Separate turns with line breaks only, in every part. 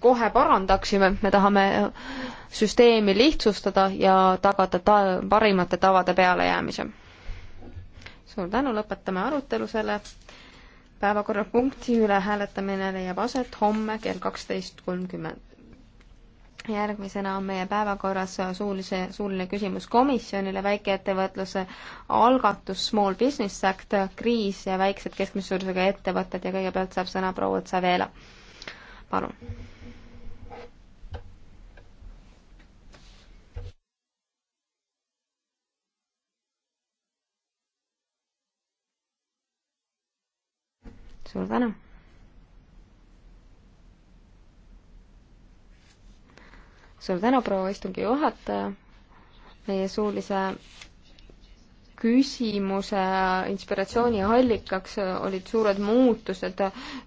kohe parandaksime, me tahame süsteemi lihtsustada ja tagada ta-, parimate tavade pealejäämise. suur tänu, lõpetame arutelu selle päevakorrapunkti üle, hääletamine leiab aset homme kell kaksteist kolmkümmend. järgmisena on meie päevakorras suulise, suuline küsimus komisjonile, väikeettevõtluse algatus Small Business Act, kriis ja väiksed keskmise suurusega ettevõtted ja kõigepealt saab sõna proua Tsavela palun. suur tänu. suur tänu, proua istungi juhataja, meie suulise küsimuse inspiratsiooniallikaks olid suured muutused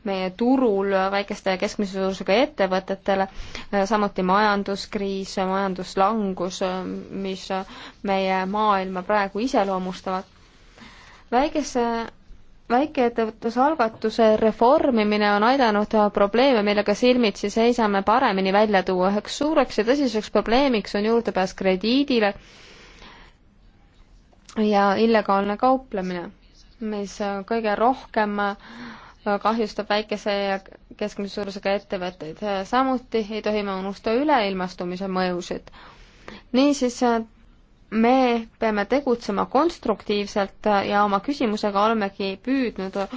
meie turul väikeste ja keskmise suurusega ettevõtetele, samuti majanduskriis, majanduslangus, mis meie maailma praegu iseloomustavad. väikese väikeettevõtlusalgatuse reformimine on aidanud probleeme, millega silmitsi seisame, paremini välja tuua. üheks suureks ja tõsiseks probleemiks on juurdepääs krediidile ja illegaalne kauplemine, mis kõige rohkem kahjustab väikese ja keskmise suurusega ettevõtteid. samuti ei tohi me unustada üleilmastumise mõjusid. niisiis me peame tegutsema konstruktiivselt ja oma küsimusega olemegi püüdnud äh,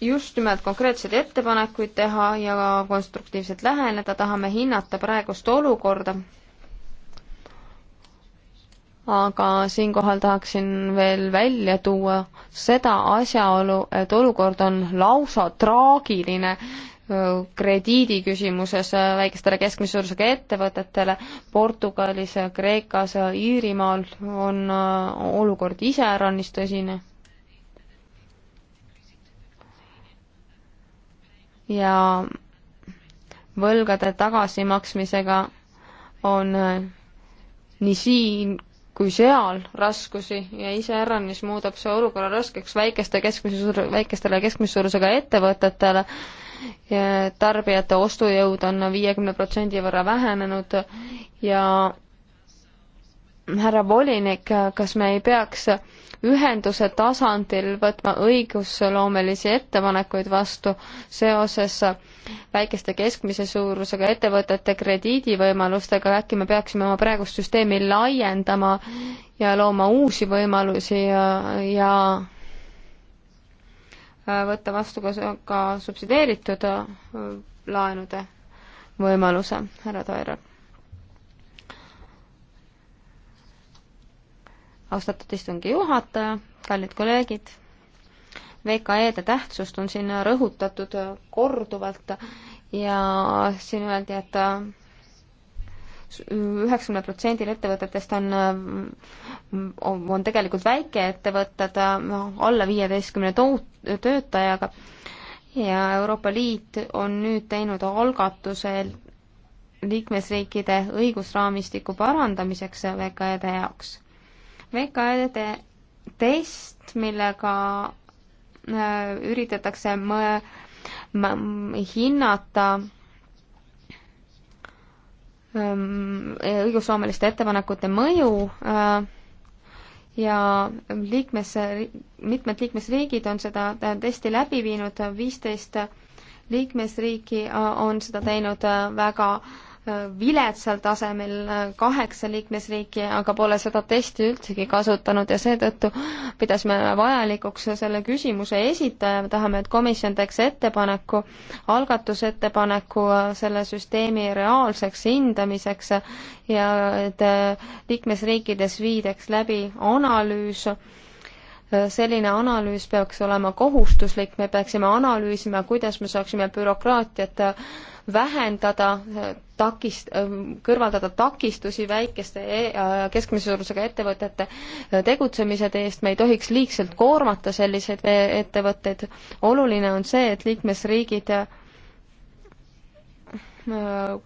just nimelt konkreetseid ettepanekuid teha ja konstruktiivselt läheneda, tahame hinnata praegust olukorda aga siinkohal tahaksin veel välja tuua seda asjaolu, et olukord on lausa traagiline krediidi küsimuses väikestele keskmise suurusega ettevõtetele. Portugalis, Kreekas, Iirimaal on olukord iseäranis tõsine. ja võlgade tagasimaksmisega on nii siin kui seal raskusi ja iseäranis muudab see olukorra raskeks väikeste keskmise, väikestele ja keskmise suurusega ettevõtetele, tarbijate ostujõud on viiekümne protsendi võrra vähenenud ja härra volinik, kas me ei peaks ühenduse tasandil võtma õigusloomelisi ettepanekuid vastu seoses väikeste keskmise suurusega ettevõtete krediidivõimalustega, äkki me peaksime oma praegust süsteemi laiendama ja looma uusi võimalusi ja, ja võtta vastu ka, ka subsideeritud laenude võimaluse, härra Toiral? austatud istungi juhataja, kallid kolleegid, VKE-de tähtsust on siin rõhutatud korduvalt ja siin öeldi et, et üheksakümnel protsendil ettevõtetest on, on tegelikult väikeettevõtted alla viieteistkümne töötajaga ja Euroopa Liit on nüüd teinud algatuse liikmesriikide õigusraamistiku parandamiseks VKE-de jaoks. VKE-de test, millega äh, üritatakse mõ-, hinnata ähm, õigusloomeliste ettepanekute mõju äh, ja liikmes, mitmed liikmesriigid on seda äh, testi läbi viinud, viisteist liikmesriiki on seda teinud väga viletsal tasemel kaheksa liikmesriiki, aga pole seda testi üldsegi kasutanud ja seetõttu pidasime vajalikuks selle küsimuse esitaja, me tahame, et komisjon teeks ettepaneku, algatusettepaneku selle süsteemi reaalseks hindamiseks ja et liikmesriikides viidaks läbi analüüs, selline analüüs peaks olema kohustuslik, me peaksime analüüsima, kuidas me saaksime bürokraatiat vähendada äh, takist-, äh, kõrvaldada takistusi väikeste ja e äh, keskmise suurusega ettevõtete tegutsemise teest, me ei tohiks liigselt koormata selliseid e-, ettevõtteid. oluline on see, et liikmesriigid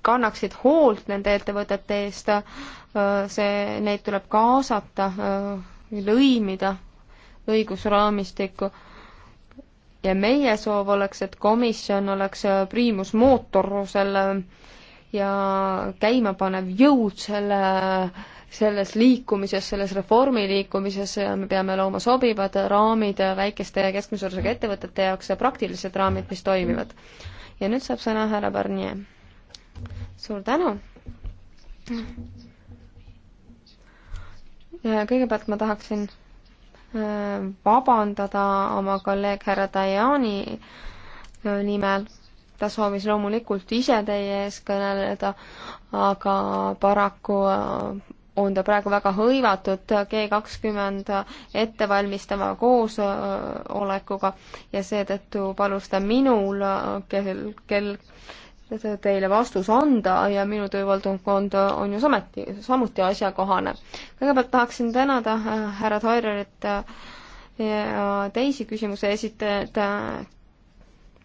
kannaksid hoolt nende ettevõtete eest, see, neid tuleb kaasata, lõimida õigusraamistikku ja meie soov oleks, et komisjon oleks äh, priimusmootor selle äh, ja käimapanev jõud selle, selles liikumises, selles reformiliikumises ja me peame looma sobivad raamid äh, väikeste ja keskmise suurusega ettevõtete jaoks ja praktilised raamid, mis toimivad. ja nüüd saab sõna härra Barnier. suur tänu! kõigepealt ma tahaksin Äh, vabandada oma kolleeg härra Dajani äh, nimel. ta soovis loomulikult ise teie ees kõneleda, aga paraku äh, on ta praegu väga hõivatud G kakskümmend ettevalmistava koosolekuga ja seetõttu palus ta minul, kel, kel teile vastus anda ja minu töövaldkond on ju sameti, samuti asjakohane. kõigepealt tahaksin tänada äh, härra Toilerit äh, ja teisi küsimuse esitajaid äh,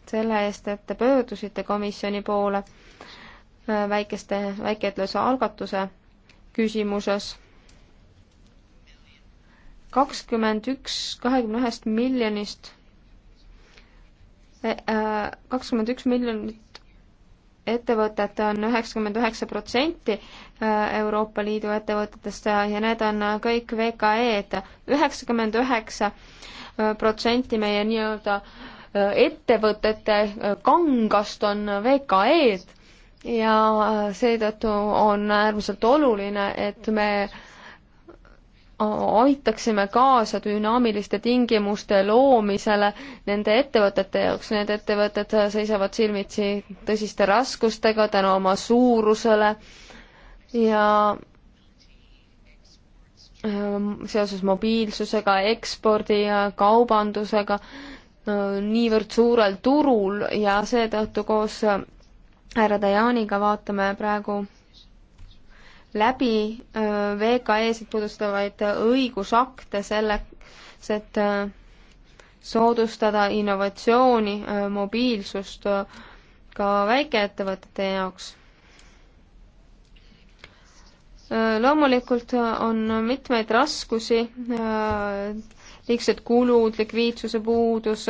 selle eest, et te pöördusite komisjoni poole väikeste, väikeettevõtluse algatuse küsimuses. kakskümmend üks kahekümne ühest miljonist kakskümmend üks miljonit ettevõtet on üheksakümmend üheksa protsenti äh, Euroopa Liidu ettevõtetest äh, ja need on äh, kõik VKE-d. üheksakümmend üheksa protsenti meie nii-öelda ettevõtete kangast on VKE-d ja seetõttu on äärmiselt oluline, et me aitaksime kaasa dünaamiliste tingimuste loomisele nende ettevõtete jaoks. Need ettevõtted seisavad silmitsi tõsiste raskustega tänu oma suurusele ja ähm, seoses mobiilsusega, ekspordi ja kaubandusega äh, niivõrd suurel turul ja seetõttu koos äh, härra Dajaniga vaatame praegu läbi VKE-sid puudustavaid õigusakte selleks, et soodustada innovatsiooni, mobiilsust ka väikeettevõtete jaoks. loomulikult on mitmeid raskusi, liigsed kulud, likviidsuse puudus,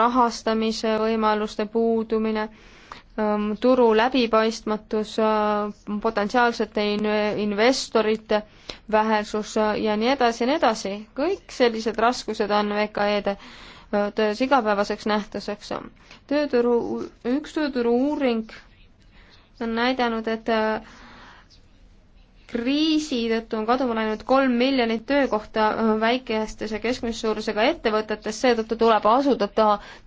rahastamise võimaluste puudumine Ähm, turu läbipaistmatus, äh, potentsiaalsete investorite vähesus äh, ja nii edasi ja nii edasi. kõik sellised raskused on VKE-de äh, töös igapäevaseks nähtuseks. tööturu, üks tööturu uuring on näidanud, et kriisi tõttu on kaduma läinud kolm miljonit töökohta äh, väikestes ja keskmise suurusega ettevõtetes, seetõttu tuleb asuda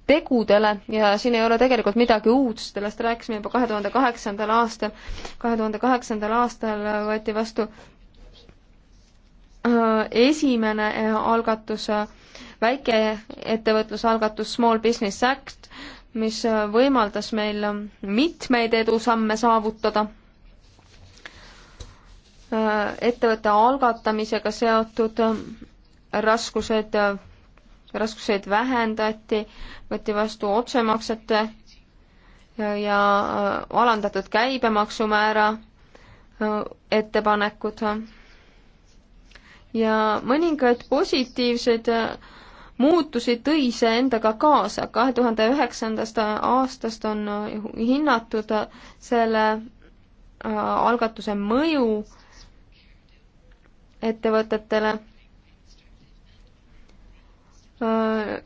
tegudele ja siin ei ole tegelikult midagi uut, sellest rääkisime juba kahe tuhande kaheksandal aastal. kahe tuhande kaheksandal aastal võeti vastu äh, esimene äh, algatus, väikeettevõtluse algatus Small Business Act, mis võimaldas meil mitmeid edusamme saavutada Äh, ettevõtte algatamisega seotud äh, raskused, äh, raskuseid vähendati, võeti vastu otsemaksete ja alandatud käibemaksumäära ettepanekud ja mõningaid positiivseid muutusi tõi see endaga kaasa. kahe tuhande üheksandast aastast on hinnatud selle algatuse mõju ettevõtetele. Äh,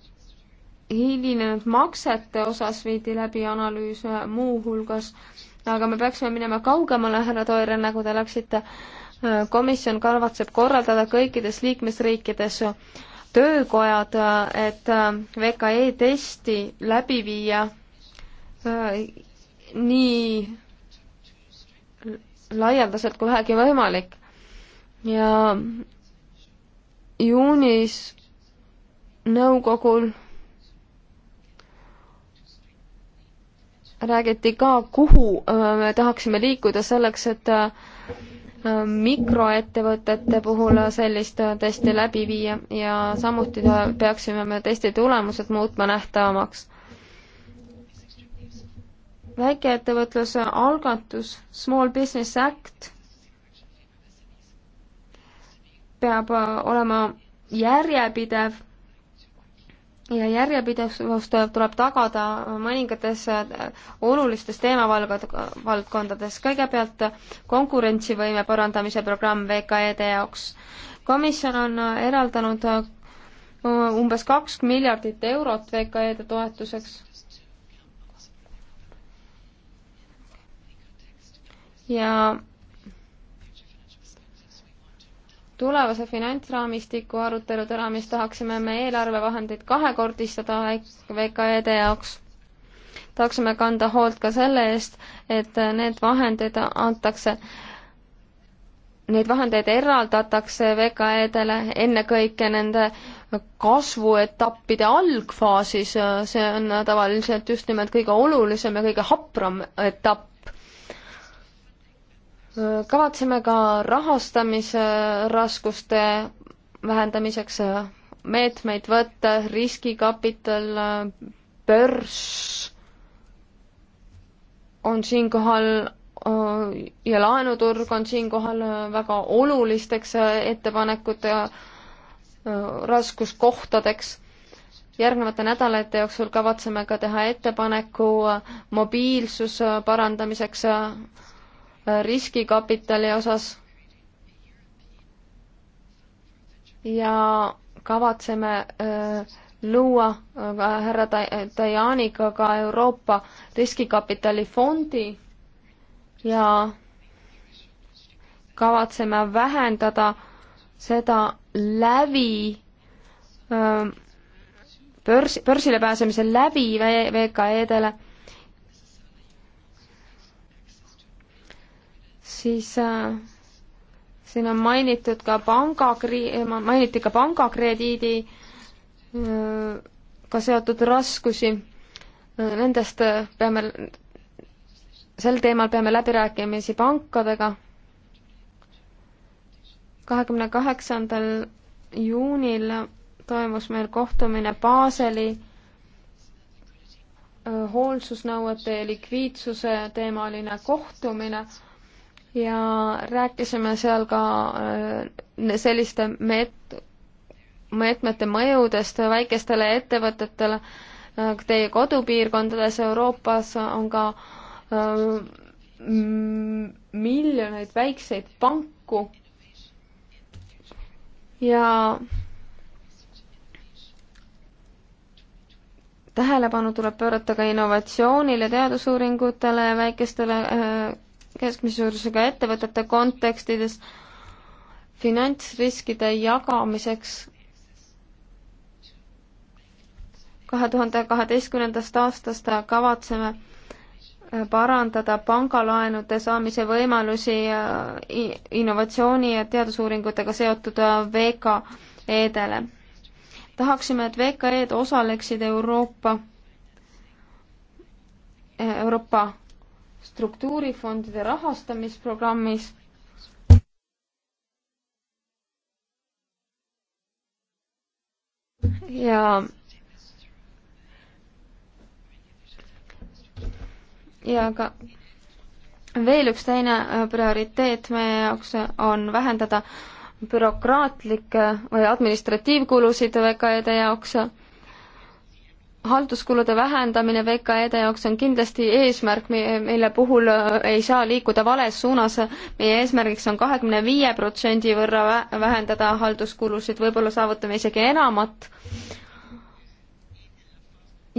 hilinenud maksete osas viidi läbi analüüs äh, muuhulgas, aga me peaksime minema kaugemale, härra Toire, nagu te läksite. Äh, komisjon kavatseb korraldada kõikides liikmesriikides töökojad, et VKE testi läbi viia nii laialdaselt kui vähegi võimalik ja juunis nõukogul räägiti ka, kuhu äh, me tahaksime liikuda selleks, et äh, mikroettevõtete puhul sellist äh, testi läbi viia ja samuti peaksime me testi tulemused muutma nähtavamaks. väikeettevõtluse algatus Small Business Act peab äh, olema järjepidev ja järjepidevust tuleb tagada mõningates äh, olulistes teemavaldkondades. kõigepealt konkurentsivõime parandamise programm VKE-de jaoks. komisjon on äh, eraldanud umbes kaks miljardit eurot VKE-de toetuseks. ja tulevase finantsraamistiku arutelude raames tahaksime me eelarvevahendeid kahekordistada VKE-de jaoks. tahaksime kanda hoolt ka selle eest, et need vahendid antakse Neid vahendeid eraldatakse VKE-dele ennekõike nende kasvuetappide algfaasis, see on tavaliselt just nimelt kõige olulisem ja kõige hapram etapp kavatseme ka rahastamise raskuste vähendamiseks meetmeid võtta, riskikapital, börs on siinkohal ja laenuturg on siinkohal väga olulisteks ettepanekute raskuskohtadeks järgnevate nädalate jooksul kavatseme ka teha ettepaneku mobiilsuse parandamiseks riskikapitali osas. ja kavatseme äh, luua äh, härra Tajaniga ka Euroopa riskikapitalifondi ja kavatseme vähendada seda läbi äh, börs, börsile pääsemise läbi VKE-dele siis äh, siin on mainitud ka pangakri-, äh, mainiti ka pangakrediidi äh, ka seotud raskusi. Äh, nendest äh, peame, sel teemal peame läbirääkimisi pankadega. kahekümne kaheksandal juunil toimus meil kohtumine Baseli hoolsusnõuete ja likviidsuse teemaline kohtumine ja rääkisime seal ka äh, selliste meet-, meetmete mõjudest väikestele ettevõtetele äh, teie kodupiirkondades Euroopas on ka äh, miljoneid väikseid panku ja tähelepanu tuleb pöörata ka innovatsioonile, teadusuuringutele, väikestele keskmise suurusega ettevõtete kontekstides finantsriskide jagamiseks kahe tuhande kaheteistkümnendast aastast kavatseme parandada pangalaenude saamise võimalusi äh, innovatsiooni ja teadusuuringutega seotud äh, VKE-dele. tahaksime, et VKE-d osaleksid Euroopa, Euroopa struktuurifondide rahastamisprogrammis ja ja ka veel üks teine äh, prioriteet meie jaoks on vähendada bürokraatlikke või administratiivkulusid VKE-de jaoks halduskulude vähendamine VKE-de jaoks on kindlasti eesmärk, mille puhul äh, ei saa liikuda vales suunas. meie eesmärgiks on kahekümne viie protsendi võrra vähendada halduskulusid, võib-olla saavutame isegi enamat.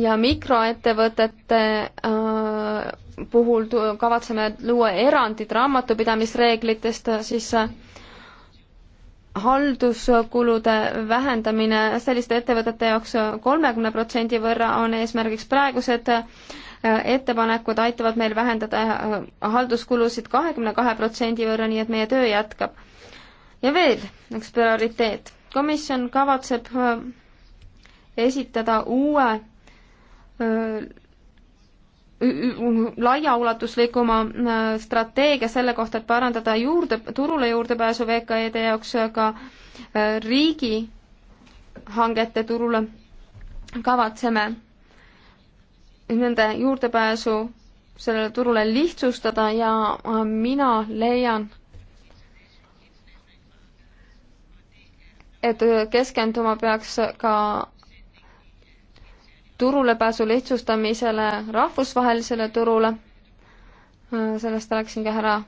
ja mikroettevõtete äh, puhul kavatseme luua erandid raamatupidamisreeglitest, äh, siis halduskulude vähendamine selliste ettevõtete jaoks kolmekümne protsendi võrra on eesmärgiks praegused äh, ettepanekud aitavad meil vähendada äh, halduskulusid kahekümne kahe protsendi võrra, nii et meie töö jätkab. ja veel üks prioriteet. komisjon kavatseb äh, esitada uue laiaulatuslikuma äh, strateegia selle kohta, et parandada juurde, turule juurdepääsu VKE-de jaoks ka äh, riigihangete turule kavatseme nende juurdepääsu sellele turule lihtsustada ja äh, mina leian, et keskenduma peaks ka turulepääsu lihtsustamisele rahvusvahelisele turule. sellest rääkisin ka härra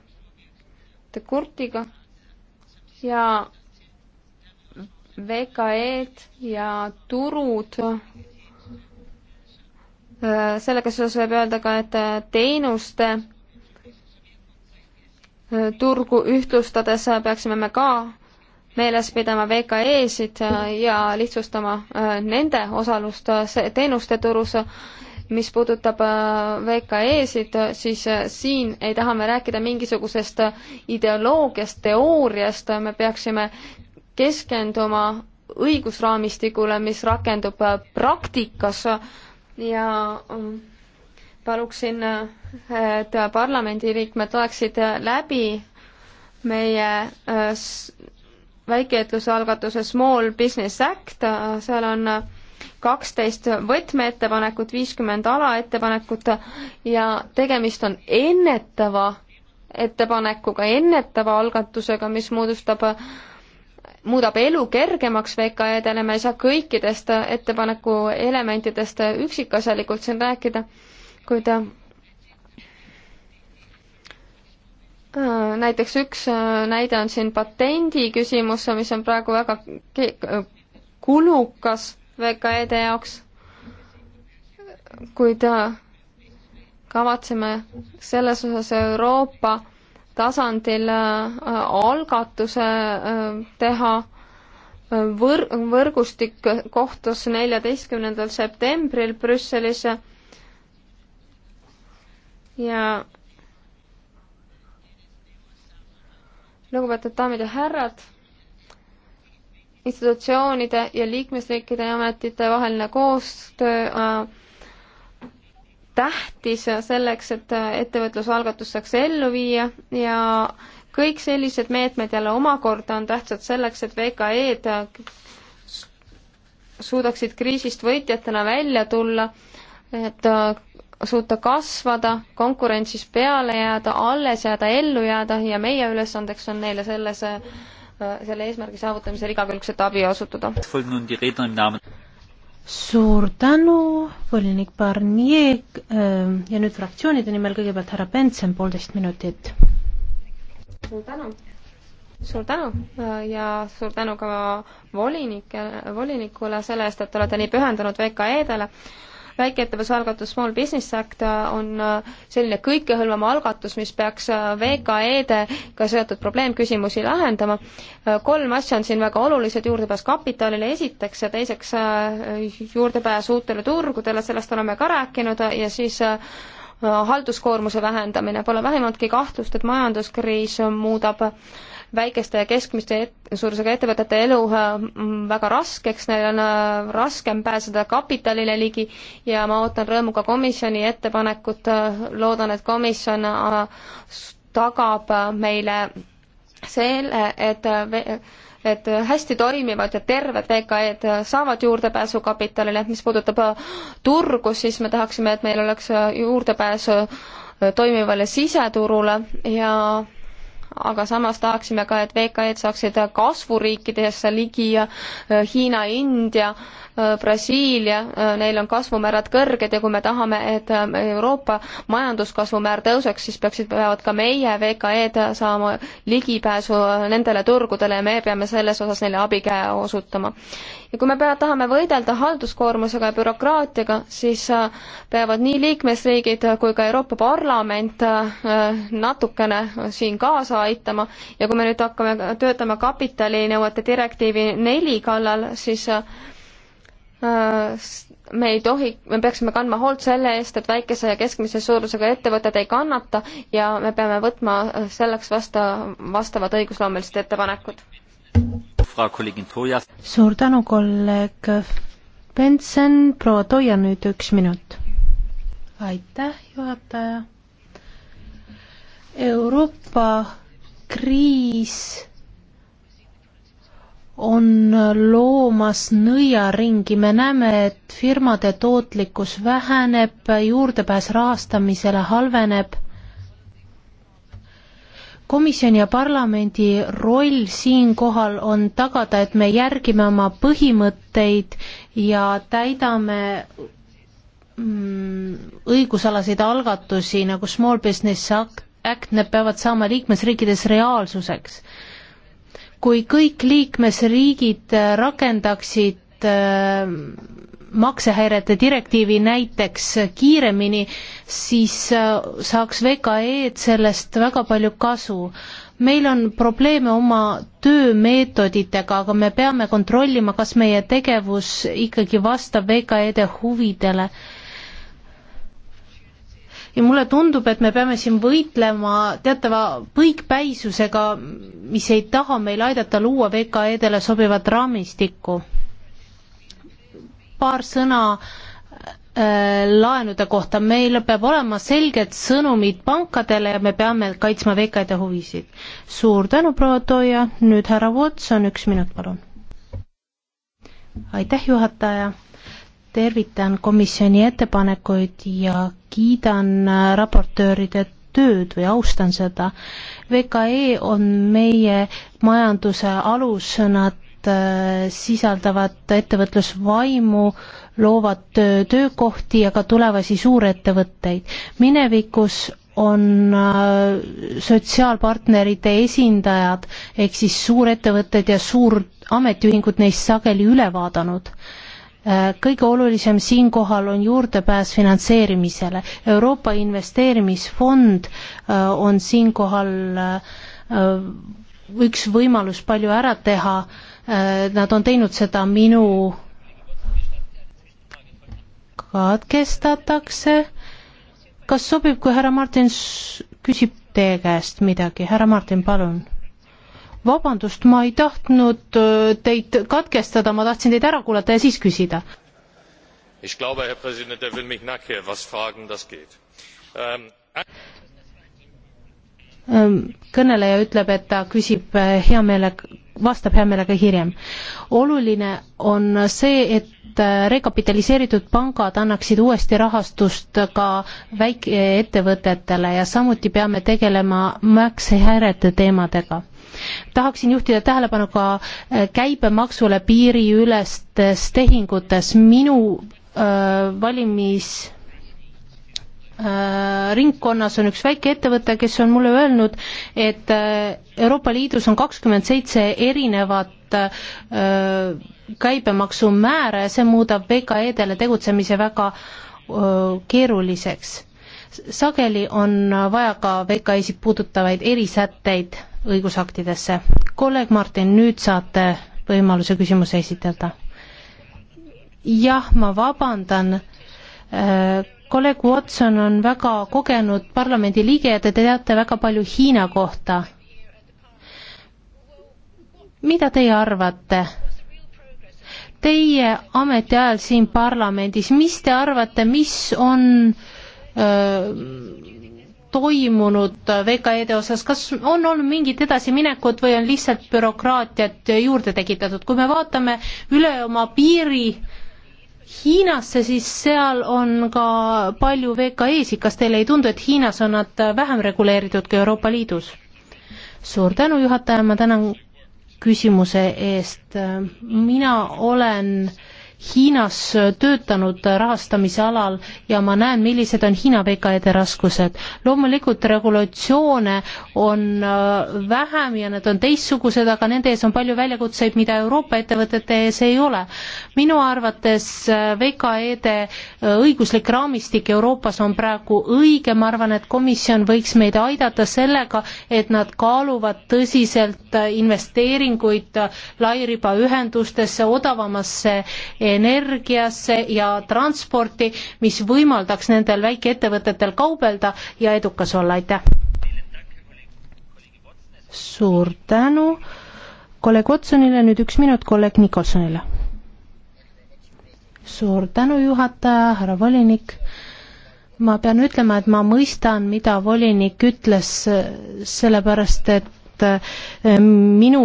De Kurtiga ja VKE-d ja turud. sellega seoses võib öelda ka, et teenuste turgu ühtlustades peaksime me ka meeles pidama VKE-sid äh, ja lihtsustama äh, nende osalust äh, teenuste turus. mis puudutab VKE-sid, siis siin ei taha me rääkida mingisugusest ideoloogiast, teooriast, me peaksime keskenduma õigusraamistikule, mis rakendub praktikas ja paluksin, et parlamendiliikmed loeksid läbi meie väikeettevõtluse algatuse Small Business Act, seal on kaksteist võtmeettepanekut, viiskümmend alaettepanekut ja tegemist on ennetava ettepanekuga, ennetava algatusega, mis moodustab, muudab elu kergemaks VKE-dele, me ei saa kõikidest ettepaneku elementidest üksikasjalikult siin rääkida, kuid Äh, näiteks üks äh, näide on siin patendi küsimus, mis on praegu väga äh, kulukas VKE-de jaoks, kuid kavatseme selles osas Euroopa tasandil algatuse teha võr-, võrgustik kohtus neljateistkümnendal septembril Brüsselis ja lugupeetud daamid ja härrad, institutsioonide ja liikmesriikide ja ametite vaheline koostöö äh, tähtis selleks, et äh, ettevõtlusalgatus saaks ellu viia ja kõik sellised meetmed jälle omakorda on tähtsad selleks, et VKE-d äh, suudaksid kriisist võitjatena välja tulla, et äh, suuta kasvada, konkurentsis peale jääda, alles jääda, ellu jääda ja meie ülesandeks on neile selles, äh, selle eesmärgi saavutamisel igakülgset abi osutada.
suur tänu, volinik Barnier ähm, ja nüüd fraktsioonide nimel kõigepealt härra Benson, poolteist minutit.
suur tänu suur tänu äh, ja suur tänu ka volinike, volinikule selle eest, et te olete nii pühendunud VKE-dele väikeettevõtluse algatus Small Business Act äh, on äh, selline kõikehõlmav algatus, mis peaks äh, VKE-dega seotud probleemküsimusi lahendama. kolm asja on siin väga olulised, juurdepääs kapitalile esiteks ja teiseks juurdepääs uutele turgudele, sellest oleme ka rääkinud, ja siis halduskoormuse vähendamine, pole vähimatki kahtlust, et majanduskriis muudab väikeste ja keskmiste et, suurusega ettevõtete elu äh, väga raskeks, neil on äh, raskem pääseda kapitalile ligi ja ma ootan rõõmuga komisjoni ettepanekut, äh, loodan, et komisjon tagab meile selle, et et hästi toimivad ja terved VKE-d saavad juurdepääsu kapitalile, et mis puudutab turgu, siis me tahaksime, et meil oleks juurdepääs toimivale siseturule ja aga samas tahaksime ka, et VKE-d saaksid kasvuriikidesse ligi ja äh, Hiina, India, äh, Brasiilia, äh, neil on kasvumäärad kõrged ja kui me tahame, et Euroopa majanduskasvumäär tõuseks, siis peaksid, peavad ka meie VKE-d saama ligipääsu nendele turgudele ja me peame selles osas neile abikäe osutama. ja kui me pea-, tahame võidelda halduskoormusega ja bürokraatiaga, siis peavad nii liikmesriigid kui ka Euroopa Parlament natukene siin kaasa aitama ja kui me nüüd hakkame töötama kapitalinõuete direktiivi neli kallal, siis äh, me ei tohi, me peaksime kandma hoolt selle eest, et väikese ja keskmise suurusega ettevõtted ei kannata ja me peame võtma selleks vasta, vastavad õigusloomelised ettepanekud.
suur tänu, kolleeg Benson, proua Toia nüüd üks minut. aitäh, juhataja. Euroopa kriis on loomas nõiaringi, me näeme, et firmade tootlikkus väheneb, juurdepääs rahastamisele halveneb. komisjoni ja parlamendi roll siinkohal on tagada, et me järgime oma põhimõtteid ja täidame mm, õigusalaseid algatusi nagu Small Business Act Act-need peavad saama liikmesriikides reaalsuseks. kui kõik liikmesriigid äh, rakendaksid äh, maksehäirete direktiivi näiteks kiiremini, siis äh, saaks VKE-d sellest väga palju kasu. meil on probleeme oma töömeetoditega, aga me peame kontrollima, kas meie tegevus ikkagi vastab VKE-de huvidele ja mulle tundub, et me peame siin võitlema teatava põikpäisusega, mis ei taha meil aidata luua VKE-dele sobivat raamistikku. paar sõna äh, laenude kohta, meil peab olema selged sõnumid pankadele ja me peame kaitsma VKD huvisid. suur tänu, proua Toia, nüüd härra Watson, üks minut, palun. aitäh, juhataja tervitan komisjoni ettepanekuid ja kiidan äh, raportööride tööd või austan seda. VKE on meie majanduse alus, nad äh, sisaldavad ettevõtlusvaimu, loovad töökohti ja ka tulevasi suurettevõtteid. minevikus on äh, sotsiaalpartnerite esindajad ehk siis suurettevõtted ja suurametiühingud neist sageli üle vaadanud Äh, kõige olulisem siinkohal on juurdepääs finantseerimisele. Euroopa Investeerimisfond äh, on siinkohal äh, üks võimalus palju ära teha, nad on teinud seda minu katkestatakse. kas sobib, kui härra Martin küsib teie käest midagi, härra Martin, palun vabandust, ma ei tahtnud äh, teid katkestada, ma tahtsin teid ära kuulata ja siis küsida.
Ich glaube, Herr Präsident, er will mich nachher was fragen, das geht ähm,.
ähm kõneleja ütleb, et ta küsib äh, hea meelega, vastab hea meelega hiljem. oluline on see, et äh, rekapitaliseeritud pangad annaksid uuesti rahastust ka väikeettevõtetele ja samuti peame tegelema maksehäirete teemadega tahaksin juhtida tähelepanu ka äh, käibemaksule piiriülestes tehingutes. minu äh, valimis äh, ringkonnas on üks väikeettevõte, kes on mulle öelnud, et äh, Euroopa Liidus on kakskümmend seitse erinevat käibemaksumäära ja see muudab VKE-dele tegutsemise väga keeruliseks. sageli on vaja ka VKE-sid puudutavaid erisätteid õigusaktidesse. kolleeg Martin, nüüd saate võimaluse küsimuse esitada. jah, ma vabandan, äh, kolleeg Watson on väga kogenud parlamendiliige ja te teate väga palju Hiina kohta. mida teie arvate? Teie ametiajal siin parlamendis, mis te arvate, mis on öö, äh, toimunud VKE-de osas, kas on olnud mingit edasiminekut või on lihtsalt bürokraatiat juurde tekitatud, kui me vaatame üle oma piiri Hiinasse, siis seal on ka palju VKE-sid, kas teile ei tundu, et Hiinas on nad vähem reguleeritud kui Euroopa Liidus? suur tänu, juhataja, ma tänan küsimuse eest, mina olen äh, Hiinas töötanud rahastamise alal ja ma näen, millised on Hiina VKE-de raskused. loomulikult regulatsioone on äh, vähem ja need on teistsugused, aga nende ees on palju väljakutseid, mida Euroopa ettevõtete ees ei ole. minu arvates äh, VKE-de äh, õiguslik raamistik Euroopas on praegu õige, ma arvan, et komisjon võiks meid aidata sellega, et nad kaaluvad tõsiselt investeeringuid lairibaühendustesse, odavamasse energiasse ja transporti, mis võimaldaks nendel väikeettevõtetel kaubelda ja edukas olla, aitäh! suur tänu kolleeg Otsonile, nüüd üks minut kolleeg Nikolsonile. suur tänu, juhataja, härra volinik ma pean ütlema, et ma mõistan, mida volinik ütles, sellepärast et äh, minu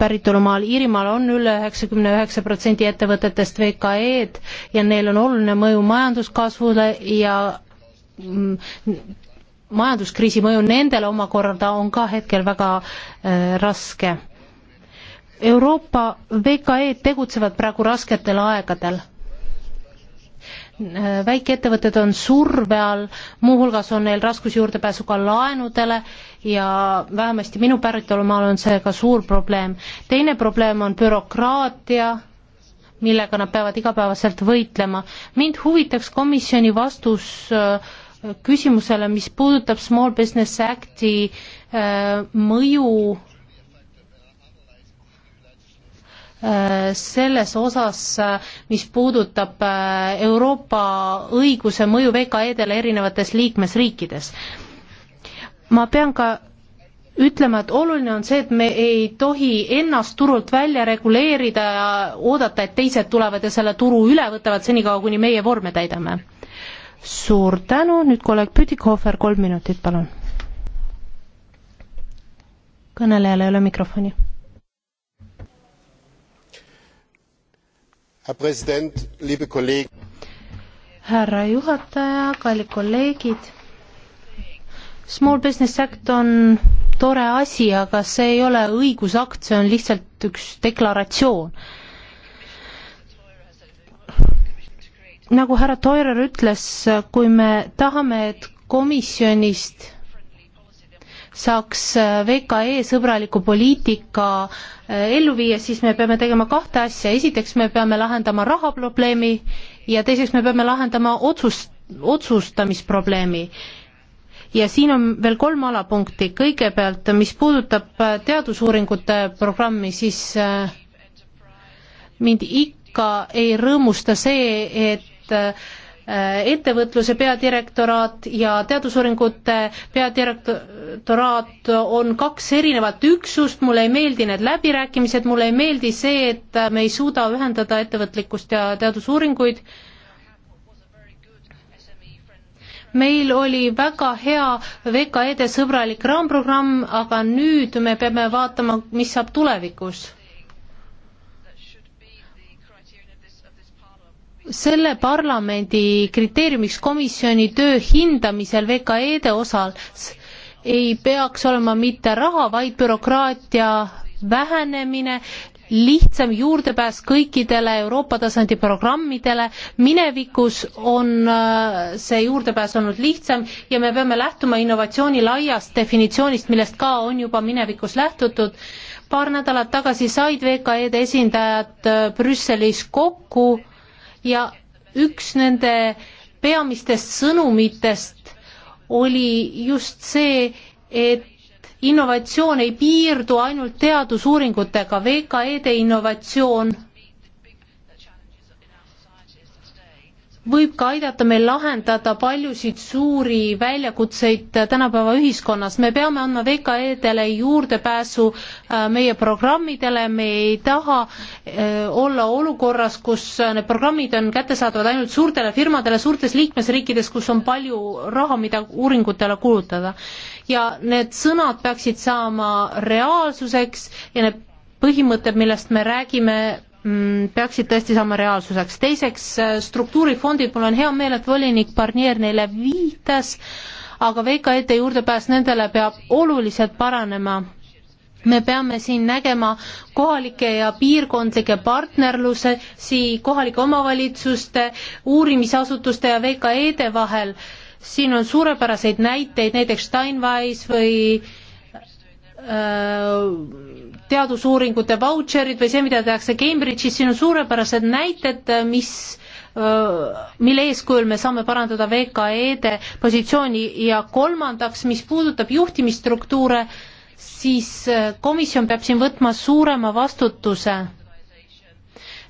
päritolumaal Iirimaal on üle üheksakümne üheksa protsendi ettevõtetest VKE-d ja neil on oluline mõju majanduskasvule ja mm, majanduskriisi mõju nendele omakorda on ka hetkel väga äh, raske. Euroopa VKE-d tegutsevad praegu rasketel aegadel Äh, väikeettevõtted on surve all, muuhulgas on neil raskusi juurdepääsuga laenudele ja vähemasti minu päritolumaal on see ka suur probleem. teine probleem on bürokraatia, millega nad peavad igapäevaselt võitlema. mind huvitaks komisjoni vastus äh, küsimusele, mis puudutab Small Business Acti äh, mõju Äh, selles osas, äh, mis puudutab äh, Euroopa õiguse mõju VKE-dele erinevates liikmesriikides. ma pean ka ütlema, et oluline on see, et me ei tohi ennast turult välja reguleerida ja oodata, et teised tulevad ja selle turu üle võtavad senikaua, kuni meie vorme täidame. suur tänu, nüüd kolleeg Pütikofer, kolm minutit, palun. kõnelejal ei ole mikrofoni härra juhataja, kallid kolleegid. Small Business Act on tore asi, aga see ei ole õigusakt, see on lihtsalt üks deklaratsioon. nagu härra Toirer ütles, kui me tahame, et komisjonist saaks äh, VKE sõbraliku poliitika äh, ellu viia, siis me peame tegema kahte asja, esiteks me peame lahendama rahaprobleemi ja teiseks me peame lahendama otsust, otsustamisprobleemi. ja siin on veel kolm alapunkti, kõigepealt mis puudutab äh, teadusuuringute programmi, siis mind ikka ei rõõmusta see, et Äh, ettevõtluse peadirektoraat ja teadusuuringute peadirektoraat on kaks erinevat üksust, mulle ei meeldi need läbirääkimised, mulle ei meeldi see, et me ei suuda ühendada ettevõtlikkust ja teadusuuringuid. meil oli väga hea VKE-de sõbralik raamprogramm, aga nüüd me peame vaatama, mis saab tulevikus selle parlamendi kriteeriumiks komisjoni töö hindamisel VKE-de osas ei peaks olema mitte raha, vaid bürokraatia vähenemine, lihtsam juurdepääs kõikidele Euroopa tasandi programmidele, minevikus on äh, see juurdepääs olnud lihtsam ja me peame lähtuma innovatsiooni laiast definitsioonist, millest ka on juba minevikus lähtutud. paar nädalat tagasi said VKE-de esindajad äh, Brüsselis kokku ja üks nende peamistest sõnumitest oli just see, et innovatsioon ei piirdu ainult teadusuuringutega, VKE-de innovatsioon võib ka aidata meil lahendada paljusid suuri väljakutseid tänapäeva ühiskonnas. me peame andma VKE-dele juurdepääsu äh, meie programmidele, me ei taha äh, olla olukorras, kus äh, need programmid on kättesaadavad ainult suurtele firmadele suurtes liikmesriikides, kus on palju raha, mida uuringutele kulutada. ja need sõnad peaksid saama reaalsuseks ja need põhimõtted, millest me räägime, Mm, peaksid tõesti saama reaalsuseks. teiseks, äh, struktuurifondid, mul on hea meel, et volinik Barnier neile viitas, aga VKE-de juurdepääs nendele peab oluliselt paranema. me peame siin nägema kohalike ja piirkondlike partnerlusi kohalike omavalitsuste, uurimisasutuste ja VKE-de vahel. siin on suurepäraseid näiteid, näiteks Steinwise või öö, äh, teadusuuringute vautšerid või see, mida tehakse Cambridge'is, siin on suurepärased näited, äh, mis äh, mille eeskujul me saame parandada VKE-de positsiooni ja kolmandaks, mis puudutab juhtimisstruktuure, siis äh, komisjon peab siin võtma suurema vastutuse.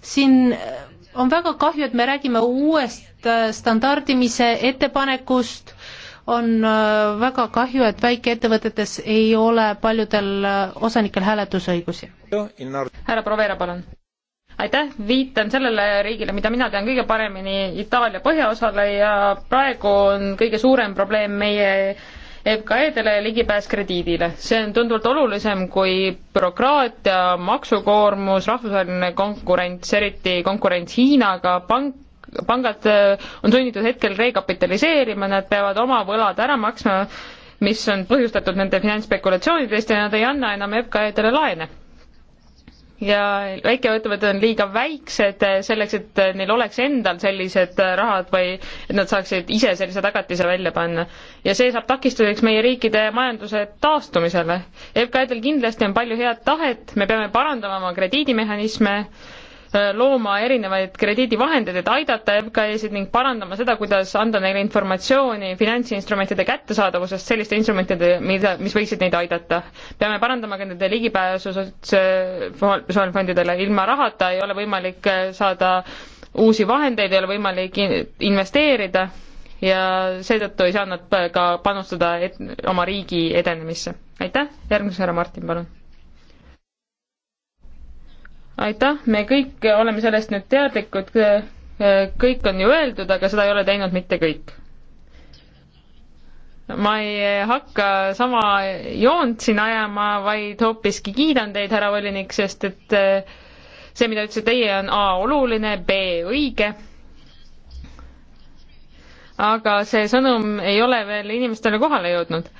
siin on väga kahju, et me räägime uuest standardimise ettepanekust on äh, väga kahju, et väikeettevõtetes ei ole paljudel äh, osanikel hääletusõigusi.
härra Provera, palun. aitäh, viitan sellele riigile, mida mina tean kõige paremini, Itaalia põhjaosale ja praegu on kõige suurem probleem meie FKE-dele ligipääs krediidile. see on tunduvalt olulisem kui bürokraatia, maksukoormus, rahvusvaheline konkurents, eriti konkurents Hiinaga, pank, pangad äh, on sunnitud hetkel rekapitaliseerima, nad peavad oma võlad ära maksma, mis on põhjustatud nende finantsspekulatsioonidest ja nad ei anna enam FKE-dele laene. ja väikeettevõtted on liiga väiksed äh, selleks, et äh, neil oleks endal sellised rahad või et nad saaksid ise sellise tagatise välja panna. ja see saab takistuseks meie riikide majanduse taastumisele. FKE-del kindlasti on palju head tahet, me peame parandama oma krediidimehhanisme, Äh, looma erinevaid krediidivahendeid, et aidata FKE-sid ning parandama seda, kuidas anda neile informatsiooni finantsinstrumentide kättesaadavusest, selliste instrumentide, mida, mis võiksid neid aidata. peame parandama ka nende ligipääsu sotsiaalfondidele, ilma rahata ei ole võimalik äh, saada uusi vahendeid, ei ole võimalik investeerida ja seetõttu ei saa nad ka panustada et, oma riigi edenemisse. aitäh, järgmiseks härra Martin, palun aitäh, me kõik oleme sellest nüüd teadlikud, kõik on ju öeldud, aga seda ei ole teinud mitte kõik. ma ei hakka sama joont siin ajama, vaid hoopiski kiidan teid, härra volinik, sest et eh, see, mida ütlesite teie, on A oluline, B õige, aga see sõnum ei ole veel inimestele kohale jõudnud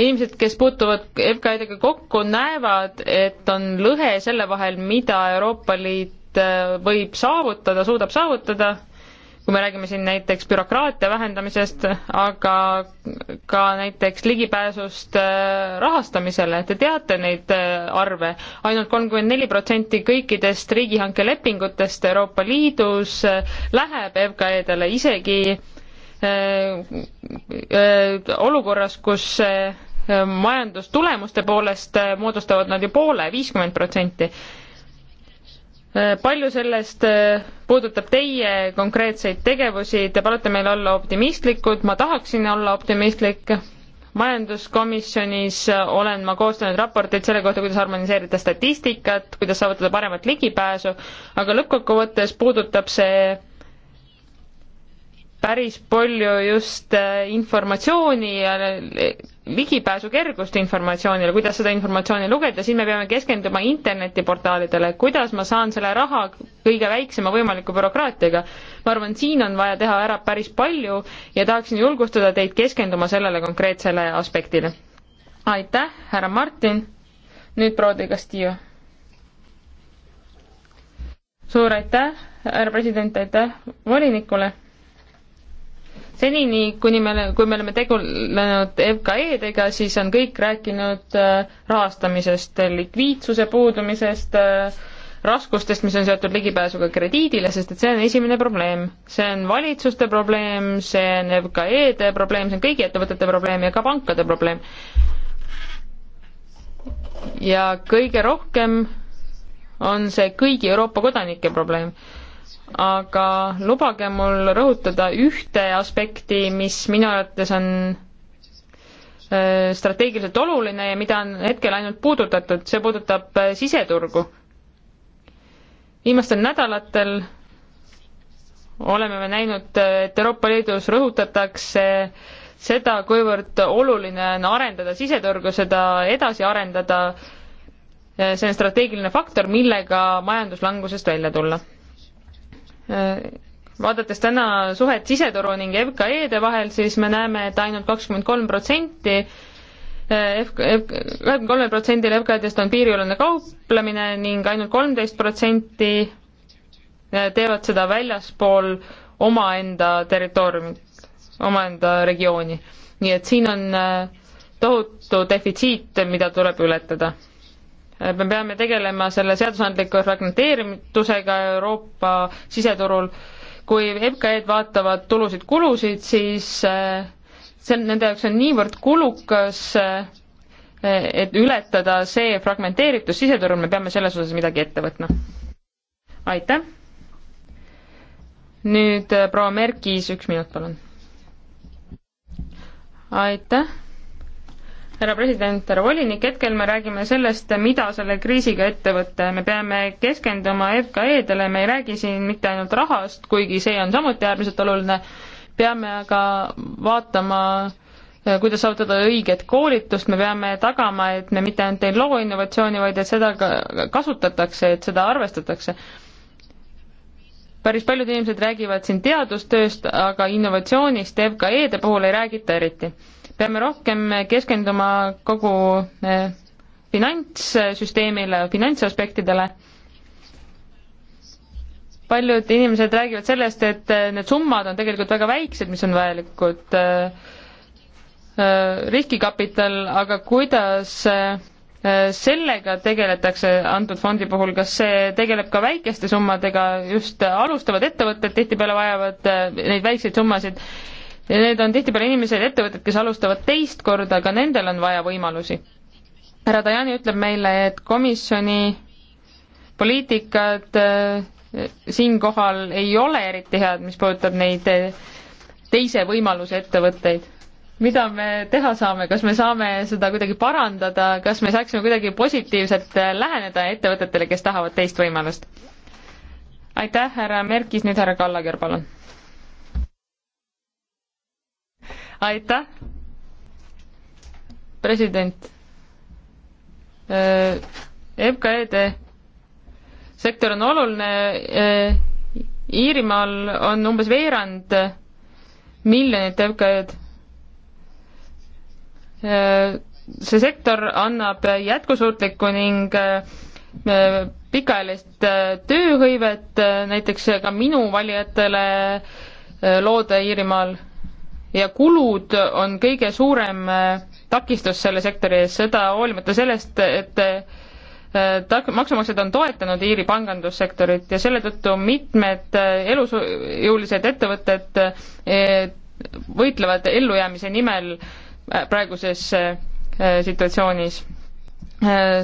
inimesed, kes puutuvad FKI-dega kokku, näevad, et on lõhe selle vahel, mida Euroopa Liit äh, võib saavutada, suudab saavutada, kui me räägime siin näiteks bürokraatia vähendamisest, aga ka näiteks ligipääsust äh, rahastamisele, te teate neid äh, arve ainult, ainult kolmkümmend neli protsenti kõikidest riigihanke lepingutest Euroopa Liidus läheb FKE-dele, isegi olukorras, kus majandustulemuste poolest äh, moodustavad nad ju poole, viiskümmend protsenti. Äh, palju sellest äh, puudutab teie konkreetseid tegevusi, te palute meil olla optimistlikud, ma tahaksin olla optimistlik, majanduskomisjonis olen ma koostanud raporteid selle kohta, kuidas harmoniseerida statistikat, kuidas saavutada paremat ligipääsu, aga lõppkokkuvõttes puudutab see päris palju just informatsiooni ja ligipääsu kergust informatsioonile, kuidas seda informatsiooni lugeda, siin me peame keskenduma internetiportaalidele, kuidas ma saan selle raha kõige väiksema võimaliku bürokraatiaga. ma arvan, siin on vaja teha ära päris palju ja tahaksin julgustada teid keskenduma sellele konkreetsele aspektile. aitäh, härra Martin, nüüd proua De Castillo. suur aitäh, härra president, aitäh volinikule senini, kuni me, kui me oleme tegelenud FKE-dega, siis on kõik rääkinud äh, rahastamisest, likviidsuse puudumisest, äh, raskustest, mis on seotud ligipääsuga krediidile, sest et see on esimene probleem. see on valitsuste probleem, see on FKE-de probleem, see on kõigi ettevõtete probleem ja ka pankade probleem. ja kõige rohkem on see kõigi Euroopa kodanike probleem aga lubage mul rõhutada ühte aspekti, mis minu arvates on äh, strateegiliselt oluline ja mida on hetkel ainult puudutatud, see puudutab äh, siseturgu. viimastel nädalatel oleme me näinud, äh, et Euroopa Liidus rõhutatakse seda, kuivõrd oluline on arendada siseturgu, seda edasi arendada, see on strateegiline faktor, millega majanduslangusest välja tulla vaadates täna suhet siseturu ning FKE-de vahel, siis me näeme, et ainult kakskümmend kolm protsenti eh, kahekümne kolmel protsendil FKE-dest on piiriülene kauplemine ning ainult kolmteist protsenti eh, teevad seda väljaspool omaenda territooriumit, omaenda regiooni. nii et siin on eh, tohutu defitsiit, mida tuleb ületada me peame tegelema selle seadusandliku fragmenteeritusega Euroopa siseturul. kui MKE-d vaatavad tulusid-kulusid, siis eh, see on, nende jaoks on niivõrd kulukas, eh, et ületada see fragmenteeritus siseturul, me peame selles osas midagi ette võtma. aitäh! nüüd eh, proua Merkis, üks minut, palun. aitäh! härra president, härra volinik, hetkel me räägime sellest, mida selle kriisiga ette võtta ja me peame keskenduma FKE-dele, me ei räägi siin mitte ainult rahast, kuigi see on samuti äärmiselt oluline, peame aga vaatama kuidas saavutada õiget koolitust, me peame tagama, et me mitte ainult ei loo innovatsiooni, vaid et seda ka kasutatakse, et seda arvestatakse. päris paljud inimesed räägivad siin teadustööst, aga innovatsioonist FKE-de puhul ei räägita eriti peame rohkem keskenduma kogu eh, finantssüsteemile, finantsaspektidele. paljud inimesed räägivad sellest, et eh, need summad on tegelikult väga väiksed, mis on vajalikud eh, riskikapital, aga kuidas sellega tegeletakse antud fondi puhul, kas see tegeleb ka väikeste summadega, just alustavad ettevõtted tihtipeale vajavad neid väikseid summasid ja need on tihtipeale inimesed, ettevõtted, kes alustavad teist korda, ka nendel on vaja võimalusi. härra Tajani ütleb meile, et komisjoni poliitikad eh, siinkohal ei ole eriti head, mis puudutab neid eh, teise võimaluse ettevõtteid. mida me teha saame, kas me saame seda kuidagi parandada, kas me saaksime kuidagi positiivselt eh, läheneda ettevõtetele, kes tahavad teist võimalust? aitäh, härra Merkis, nüüd härra Kallager, palun aitäh, president. MKE-de äh, sektor on oluline. Äh, Iirimaal on umbes veerand miljonit MKE-d. Äh, see sektor annab jätkusuutlikku ning pikaajalist tööhõivet näiteks ka minu valijatele loode Iirimaal ja kulud on kõige suurem äh, takistus selle sektori ees, seda hoolimata sellest, et äh, tak-, maksumaksjad on toetanud Iiri pangandussektorit ja selle tõttu mitmed äh, elujõulised ettevõtted võitlevad ellujäämise nimel praeguses situatsioonis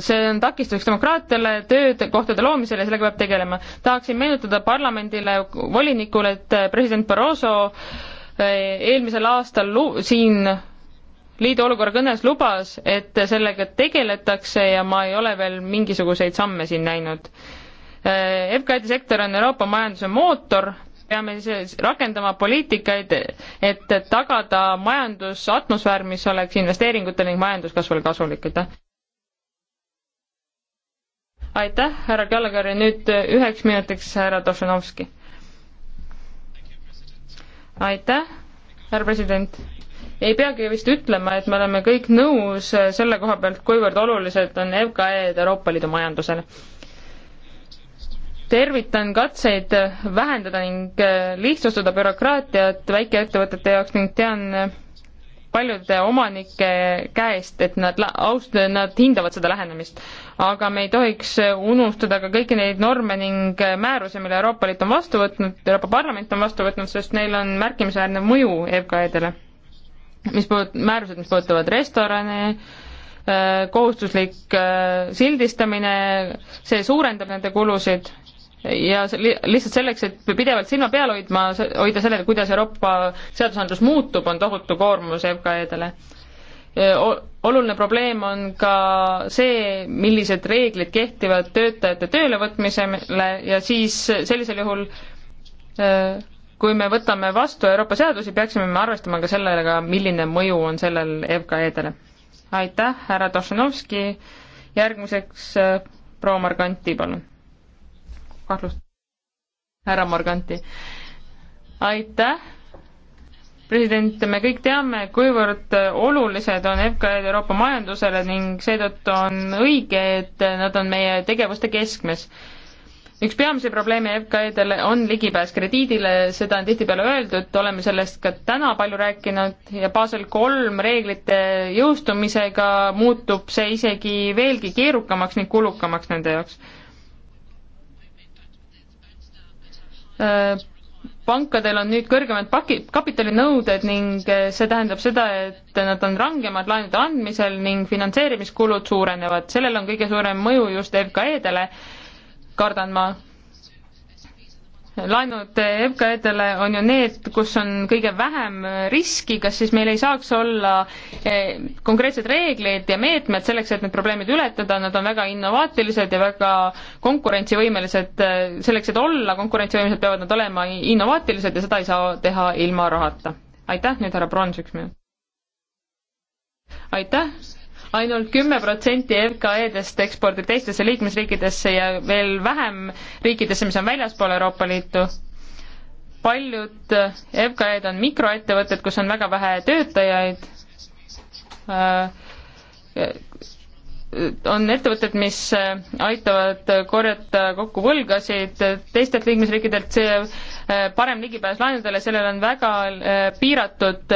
see on takistuseks demokraatiale, töökohtade loomisele ja sellega peab tegelema. tahaksin meenutada parlamendile, volinikule, et president Barroso eelmisel aastal lu-, siin liidu olukorra kõnes lubas, et sellega tegeletakse ja ma ei ole veel mingisuguseid samme siin näinud. FKT sektor on Euroopa majanduse mootor, peame siis rakendama poliitikaid, et tagada majandusatmosfäär, mis oleks investeeringutele ning majanduskasvule kasulik, aitäh! aitäh, härra Kallagar ja nüüd üheks minutiks härra Tošanovski aitäh, härra president. ei peagi vist ütlema, et me oleme kõik nõus äh, selle koha pealt, kuivõrd olulised on FKE-d Euroopa Liidu majandusele tervitan katseid vähendada ning äh, lihtsustada bürokraatiat väikeettevõtete jaoks ning tean äh, paljude omanike käest, et nad aust-, nad hindavad seda lähenemist aga me ei tohiks unustada ka kõiki neid norme ning määruse, mille Euroopa Liit on vastu võtnud, Euroopa Parlament on vastu võtnud, sest neil on märkimisväärne mõju EKA-dele. mis puudut-, määrused, mis puudutavad restorane, äh, kohustuslik äh, sildistamine, see suurendab nende kulusid ja lihtsalt selleks, et pidevalt silma peal hoidma, hoida sellele, kuidas Euroopa seadusandlus muutub, on tohutu koormus FKE-dele oluline probleem on ka see, millised reeglid kehtivad töötajate töölevõtmisele ja siis sellisel juhul kui me võtame vastu Euroopa seadusi, peaksime me arvestama ka sellega, milline mõju on sellel FKE-dele. aitäh, härra Tošanovski, järgmiseks proua Marganti, palun. kahtlust-, härra Marganti. aitäh president, me kõik teame, kuivõrd olulised on FKE-d Euroopa majandusele ning seetõttu on õige, et nad on meie tegevuste keskmes. üks peamisi probleeme FKE-del on ligipääs krediidile, seda on tihtipeale öeldud, oleme sellest ka täna palju rääkinud ja Basel kolm reeglite jõustumisega muutub see isegi veelgi keerukamaks ning kulukamaks nende jaoks äh, pankadel on nüüd kõrgemad paki-, kapitalinõuded ning eh, see tähendab seda, et nad on rangemad laenude andmisel ning finantseerimiskulud suurenevad. sellel on kõige suurem mõju just FKE-dele, kardan ma, laenud EBKE-dele on ju need, kus on kõige vähem riski, kas siis meil ei saaks olla eh, konkreetsed reeglid ja meetmed selleks, et need probleemid ületada, nad on väga innovaatilised ja väga konkurentsivõimelised, eh, selleks, et olla konkurentsivõimelised, peavad nad olema innovaatilised ja seda ei saa teha ilma rahata. aitäh, nüüd härra Brons, üks minut. aitäh, ainult kümme protsenti FKE-dest ekspordib teistesse liikmesriikidesse ja veel vähem riikidesse, mis on väljaspool Euroopa Liitu. paljud eh, FKE-d on mikroettevõtted, kus on väga vähe töötajaid, eh, eh, on ettevõtted, mis aitavad korjata kokku võlgasid teistelt liikmesriikidelt, see parem ligipääs laenudele, sellel on väga piiratud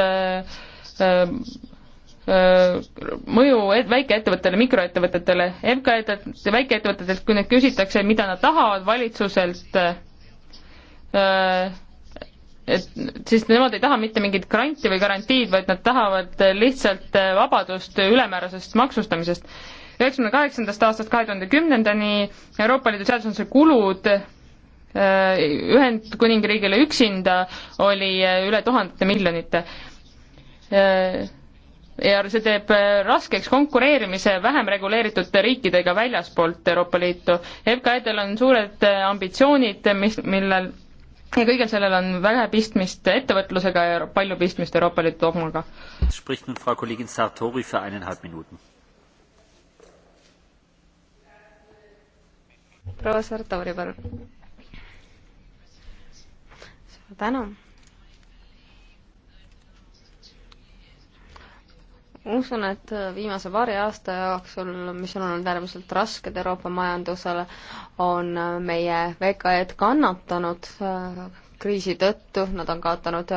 Äh, mõju väikeettevõttele, mikroettevõtetele, MKE-d, väikeettevõtetelt, kui neid küsitakse, mida nad tahavad valitsuselt, äh, et siis nemad ei taha mitte mingit granti või garantiid, vaid nad tahavad lihtsalt vabadust ülemäärasest maksustamisest. üheksakümne kaheksandast aastast kahe tuhande kümnendani Euroopa Liidu seadusandluse kulud äh, Ühendkuningriigile üksinda oli üle tuhandete miljonite ja see teeb äh, raskeks konkureerimise vähem reguleeritud riikidega väljaspoolt Euroopa Liitu. FKE-del on suured äh, ambitsioonid, mis, millel ja kõigel sellel on vähe pistmist ettevõtlusega ja palju pistmist Euroopa Liidu dogmaga.
proua Sartori, palun. suur tänu usun, et äh, viimase paari aasta jooksul, mis on olnud äärmiselt rasked Euroopa majandusele, on äh, meie VKE-d kannatanud äh, kriisi tõttu, nad on kaotanud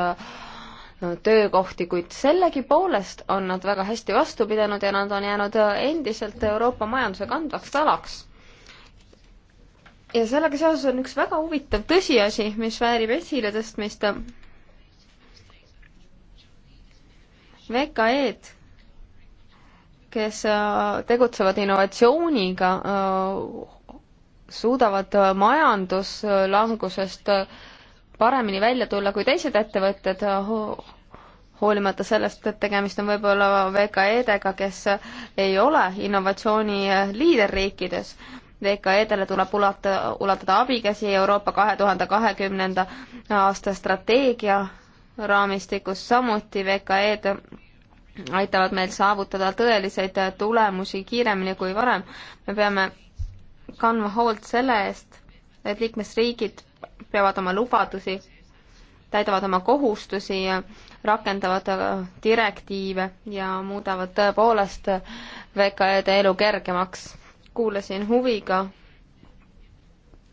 töökohti, kuid sellegipoolest on nad väga hästi vastu pidanud ja nad on jäänud endiselt Euroopa majanduse kandvaks talaks ja sellega seoses on üks väga huvitav tõsiasi, mis väärib esiletõstmist. VKE-d kes äh, tegutsevad innovatsiooniga, äh, suudavad äh, majanduslangusest paremini välja tulla kui teised ettevõtted, hoolimata sellest, et tegemist on võib-olla VKE-dega, kes ei ole innovatsiooni liiderriikides. VKE-dele tuleb ulata, ulatada abikäsi Euroopa kahe tuhande kahekümnenda aasta strateegia raamistikus, samuti VKE-d aitavad meil saavutada tõeliseid tulemusi kiiremini kui varem. me peame kandma hoolt selle eest, et liikmesriigid peavad oma lubadusi, täidavad oma kohustusi ja rakendavad äh, direktiive ja muudavad tõepoolest äh, VKE-de elu kergemaks. kuulasin huviga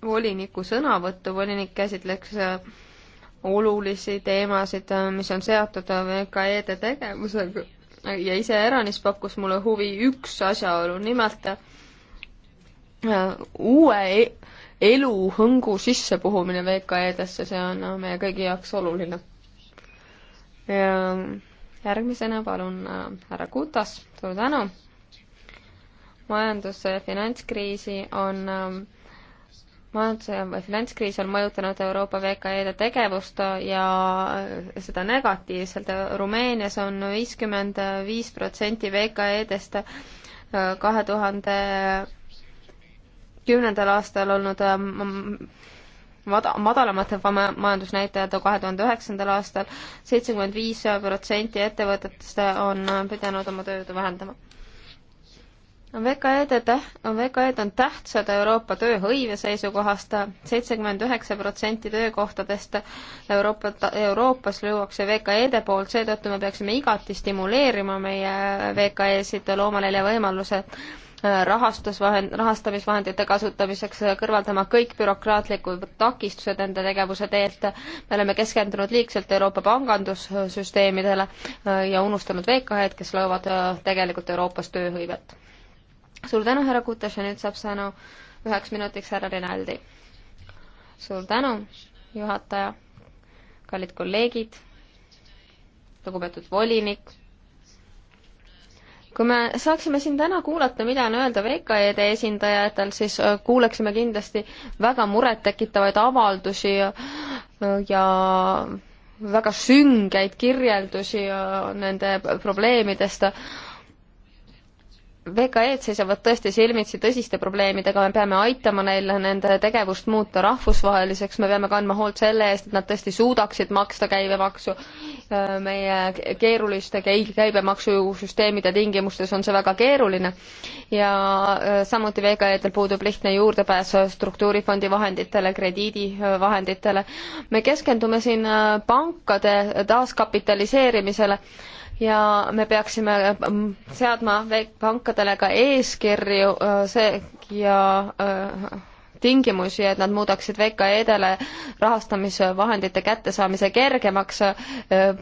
voliniku sõnavõttu, volinik käsitles äh, olulisi teemasid, mis on seotud VKE-de tegevusega ja iseäranis pakkus mulle huvi üks asjaolu, nimelt äh, uue e-, eluhõngu sissepuhumine VKE-desse, see on äh, meie kõigi jaoks oluline. ja äh, järgmisena palun härra Kutas, suur tänu. majandus- ja finantskriisi on majanduse või finantskriis on mõjutanud Euroopa VKE-de tegevust ja seda negatiivselt. Rumeenias on viiskümmend viis protsenti VKE-dest äh, kahe tuhande kümnendal aastal olnud ähm, mada-, madalamad majandusnäitajad kahe tuhande üheksandal aastal, seitsekümmend viis protsenti ettevõtetest on pidanud oma tööd vähendama VKE-de täht-, VKE-d on tähtsad Euroopa tööhõive seisukohast, seitsekümmend üheksa protsenti töökohtadest Euroopa, Euroopas luuakse VKE-de poolt, seetõttu me peaksime igati stimuleerima meie VKE-sid, looma neile võimaluse äh, rahastusvahend, rahastamisvahendite kasutamiseks, kõrvaldama kõik bürokraatlikud takistused enda tegevuse teelt. me oleme keskendunud liigselt Euroopa pangandussüsteemidele äh, ja unustanud VKE-d, kes loovad äh, tegelikult Euroopas tööhõivet suur tänu, härra Kutas ja nüüd saab sõnu üheks minutiks härra Rinaldi. suur tänu, juhataja, kallid kolleegid, lugupeetud volinik. kui me saaksime siin täna kuulata, mida on öelda VKE-de esindajatel, siis äh, kuuleksime kindlasti väga murettekitavaid avaldusi ja, äh, ja väga süngeid kirjeldusi äh, nende probleemidest VKE-d seisavad tõesti silmitsi tõsiste probleemidega, me peame aitama neil nende tegevust muuta rahvusvaheliseks, me peame kandma hoolt selle eest, et nad tõesti suudaksid maksta käibemaksu. meie keeruliste käibemaksusüsteemide tingimustes on see väga keeruline ja äh, samuti VKE-del puudub lihtne juurdepääs struktuurifondi vahenditele, krediidivahenditele. me keskendume siin äh, pankade taaskapitaliseerimisele ja me peaksime ähm, seadma pankadele ka eeskirju äh, see ja äh, tingimusi, et nad muudaksid VKE-dele rahastamisvahendite kättesaamise kergemaks. Äh,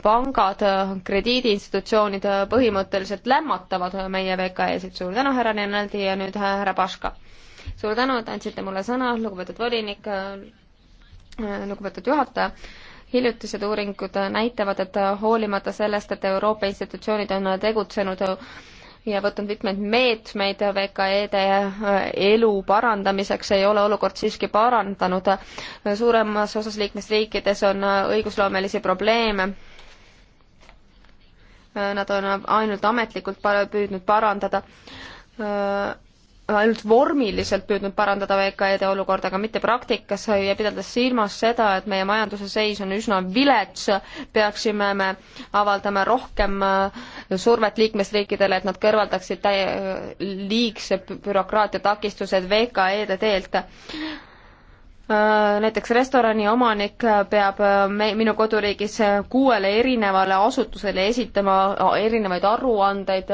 pangad, krediidiinstitutsioonid põhimõtteliselt lämmatavad meie VKE-sid. suur tänu, härra Nenaldi ja nüüd härra Paška. suur tänu, et andsite mulle sõna, lugupeetud volinik, lugupeetud juhataja hiljutised uuringud näitavad, et hoolimata sellest, et Euroopa institutsioonid on tegutsenud ja võtnud mitmeid meetmeid VKE-de äh, elu parandamiseks, ei ole olukord siiski parandanud. suuremas osas liikmesriikides on õigusloomelisi probleeme. Nad on ainult ametlikult püüdnud parandada äh, ainult vormiliselt püüdnud parandada VKE-de olukorda, aga mitte praktikas ja pidades silmas seda, et meie majanduse seis on üsna vilets, peaksime me avaldama rohkem äh, survet liikmesriikidele, et nad kõrvaldaksid täie, liigse bürokraatia takistused VKE-de teelt. Äh, näiteks restorani omanik peab äh, me, minu koduriigis kuuele erinevale asutusele esitama äh, erinevaid aruandeid,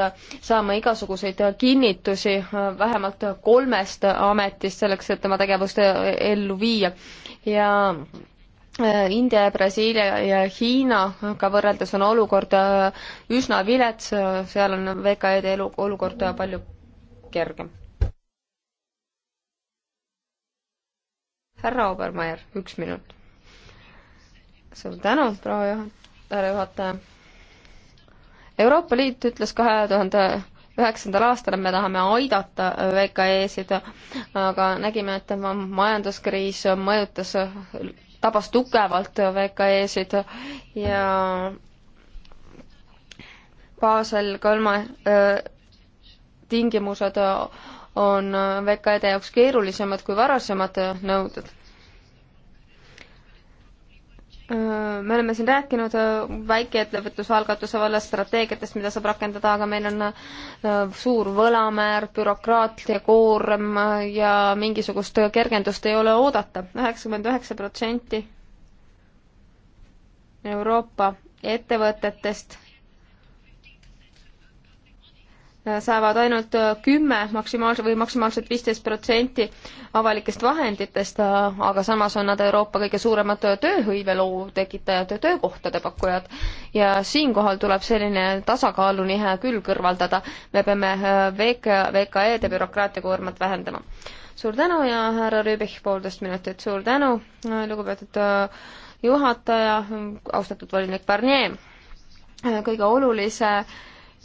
saama igasuguseid kinnitusi vähemalt kolmest ametist selleks, et oma tegevust ellu viia. ja India, Brasiilia ja Hiinaga võrreldes on olukord üsna vilets, seal on VKE-de elu, olukord palju kergem härra Obermeier, üks minut. suur tänu, proua juhataja, härra juhataja. Euroopa Liit ütles kahe tuhande üheksandal aastal me tahame aidata VKE-sid, aga nägime, et majanduskriis mõjutas, tabas tugevalt VKE-sid ja Basel kolme äh, tingimused on VKD jaoks keerulisemad kui varasemad nõuded. me oleme siin rääkinud väikeettevõtlusalgatuse vallas strateegiatest, mida saab rakendada, aga meil on suur võlamäär, bürokraatia koorem ja mingisugust kergendust ei ole oodata. üheksakümmend üheksa protsenti Euroopa ettevõtetest saavad ainult kümme maksimaalse või maksimaalselt viisteist protsenti avalikest vahenditest, aga samas on nad Euroopa kõige suuremad tööhõive loo tekitajad ja töökohtade pakkujad. ja siinkohal tuleb selline tasakaalunihe küll kõrvaldada. me peame äh, VK, VKE-de bürokraatia koormat vähendama. suur tänu ja härra Rüübich, poolteist minutit, suur tänu, äh, lugupeetud äh, juhataja, austatud volinik Barnier. kõige olulisem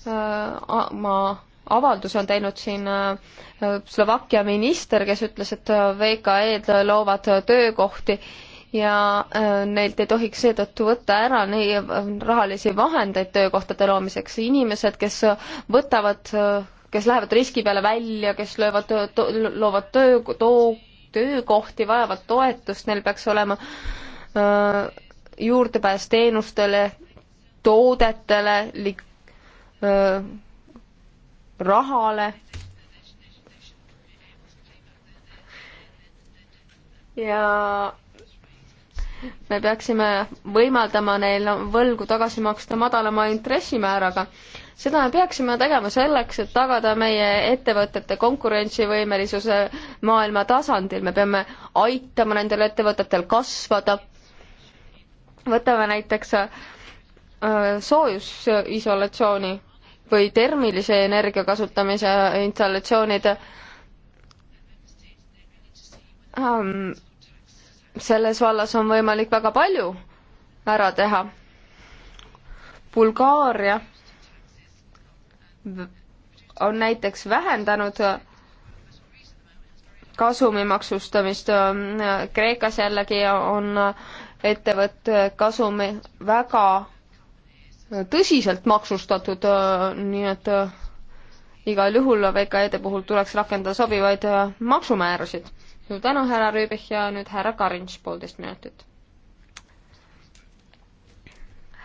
Äh, ma avalduse on teinud siin äh, Slovakkia minister, kes ütles, et äh, VKE-d loovad töökohti ja neilt ei tohiks seetõttu võtta ära nii rahalisi vahendeid töökohtade loomiseks. inimesed, kes võtavad, kes lähevad riski peale välja, kes löövad, loovad töö, too, töökohti, vajavad toetust, neil peaks olema öö, juurdepääs teenustele, toodetele, lik-, rahale. ja me peaksime võimaldama neil võlgu tagasi maksta madalama intressimääraga. seda me peaksime tegema selleks, et tagada meie ettevõtete konkurentsivõimelisuse maailma tasandil, me peame aitama nendel ettevõtetel kasvada. võtame näiteks soojusisolatsiooni või termilise energia kasutamise installatsioonid. Ähm, selles vallas on võimalik väga palju ära teha. Bulgaaria on näiteks vähendanud kasumi maksustamist. Kreekas jällegi on ettevõtte kasumi väga tõsiselt maksustatud, äh, nii et äh, igal juhul VKE-de puhul tuleks rakendada sobivaid äh, maksumäärasid. suur tänu, härra Rüübich ja nüüd härra Karins, poolteist minutit.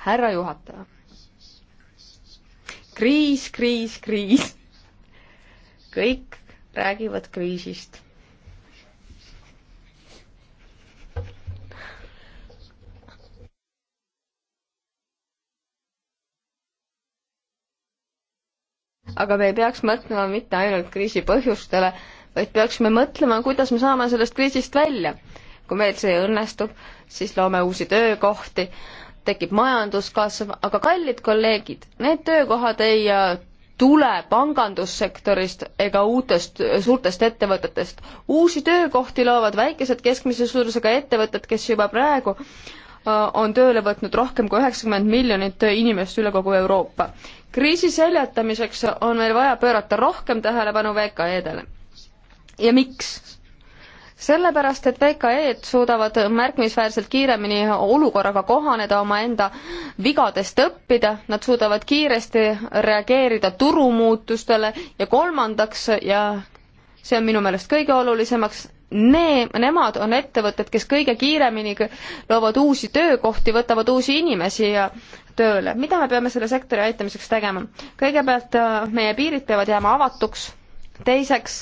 härra juhataja. kriis, kriis, kriis. kõik räägivad kriisist aga me ei peaks mõtlema mitte ainult kriisi põhjustele, vaid peaksime mõtlema, kuidas me saame sellest kriisist välja. kui meil see õnnestub, siis loome uusi töökohti, tekib majanduskasv, aga kallid kolleegid, need töökohad ei tule pangandussektorist ega uutest suurtest ettevõtetest. uusi töökohti loovad väikesed keskmise suurusega ettevõtted, kes juba praegu äh, on tööle võtnud rohkem kui üheksakümmend miljonit inimest üle kogu Euroopa kriisi seljatamiseks on meil vaja pöörata rohkem tähelepanu VKE-dele. ja miks? sellepärast, et VKE-d suudavad märkimisväärselt kiiremini olukorraga kohaneda, omaenda vigadest õppida, nad suudavad kiiresti reageerida turumuutustele ja kolmandaks ja see on minu meelest kõige olulisemaks, Nee, nemad on ettevõtted, kes kõige kiiremini loovad uusi töökohti, võtavad uusi inimesi ja tööle. mida me peame selle sektori aitamiseks tegema? kõigepealt äh, meie piirid peavad jääma avatuks, teiseks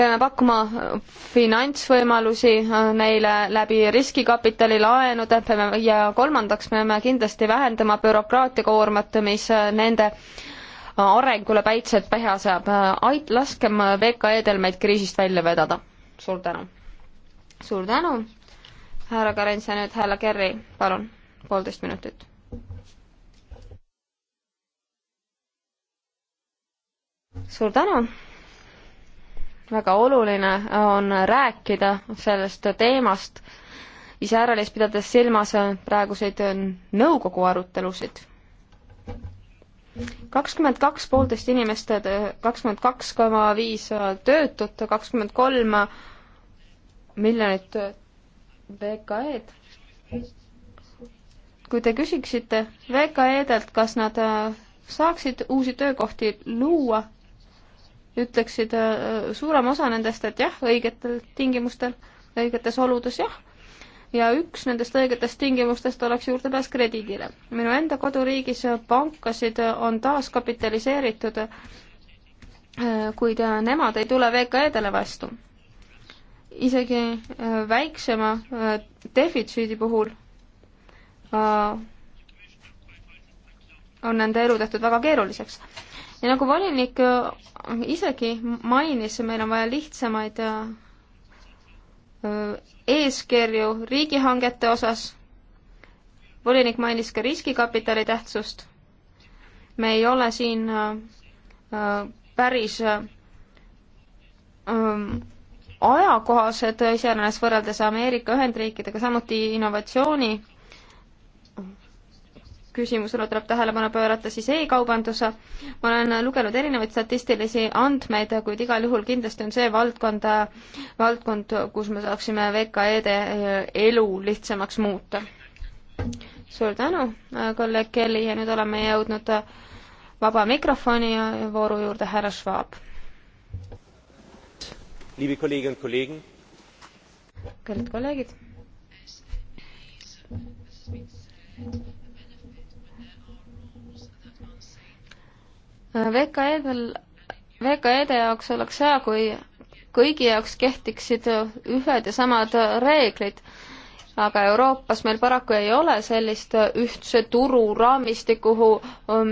peame pakkuma äh, finantsvõimalusi äh, neile läbi riskikapitali, laenude ja kolmandaks peame kindlasti vähendama bürokraatiakoormat, mis nende arengule päitsed pähe saab. ait-, laskem VKE-del meid kriisist välja vedada suur tänu. suur tänu, härra Karens ja nüüd härra Kerri, palun, poolteist minutit. suur tänu väga oluline on rääkida sellest teemast, iseäranis pidades silmas praeguseid nõukogu arutelusid. kakskümmend kaks poolteist inimest, kakskümmend kaks koma viis töötut, kakskümmend kolm miljonit VKE-d. kui te küsiksite VKE-delt, kas nad äh, saaksid uusi töökohti luua, ütleksid äh, suurem osa nendest, et jah, õigetel tingimustel, õigetes oludes jah. ja üks nendest õigetest tingimustest oleks juurdepääs krediidile. minu enda koduriigis pankasid on taaskapitaliseeritud, äh, kuid nemad ei tule VKE-dele vastu isegi äh, väiksema äh, defitsiidi puhul äh, on nende elu tehtud väga keeruliseks. ja nagu volinik isegi mainis, meil on vaja lihtsamaid eeskirju riigihangete osas, volinik mainis ka riskikapitali tähtsust, me ei ole siin päris ähm, ajakohased iseenesest võrreldes Ameerika Ühendriikidega, samuti innovatsiooni küsimusele tuleb tähelepanu pöörata, siis e-kaubanduse. ma olen lugenud erinevaid statistilisi andmeid, kuid igal juhul kindlasti on see valdkond, valdkond, kus me saaksime VKE-de elu lihtsamaks muuta. suur tänu, kolleeg Kelly ja nüüd oleme jõudnud vaba mikrofoni vooru juurde, härra Schwab liebe kolleginnen und kollegen! kallid kolleegid! VKE-del, VKE-de jaoks oleks hea, kui kõigi jaoks kehtiksid ühed ja samad reeglid, aga Euroopas meil paraku ei ole sellist ühtse turu raamistikku,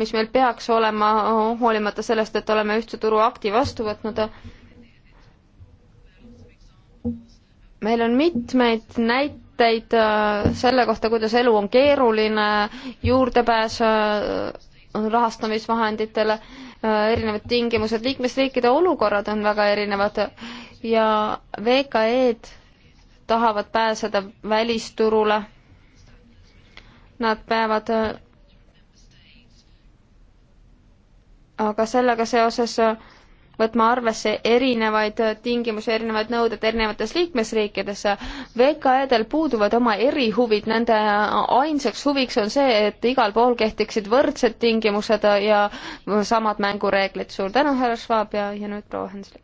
mis meil peaks olema, hoolimata sellest, et oleme ühtse turu akti vastu võtnud meil on mitmeid näiteid äh, selle kohta, kuidas elu on keeruline, juurdepääs äh, rahastamisvahenditele, äh, erinevad tingimused, liikmesriikide olukorrad on väga erinevad ja VKE-d tahavad pääseda välisturule. Nad peavad aga sellega seoses võtma arvesse erinevaid tingimusi, erinevaid nõudeid erinevates liikmesriikides. VKE-del puuduvad oma erihuvid, nende ainsaks huviks on see, et igal pool kehtiksid võrdsed tingimused ja samad mängureeglid. suur tänu, härra Schwab ja, ja nüüd proua Henslik.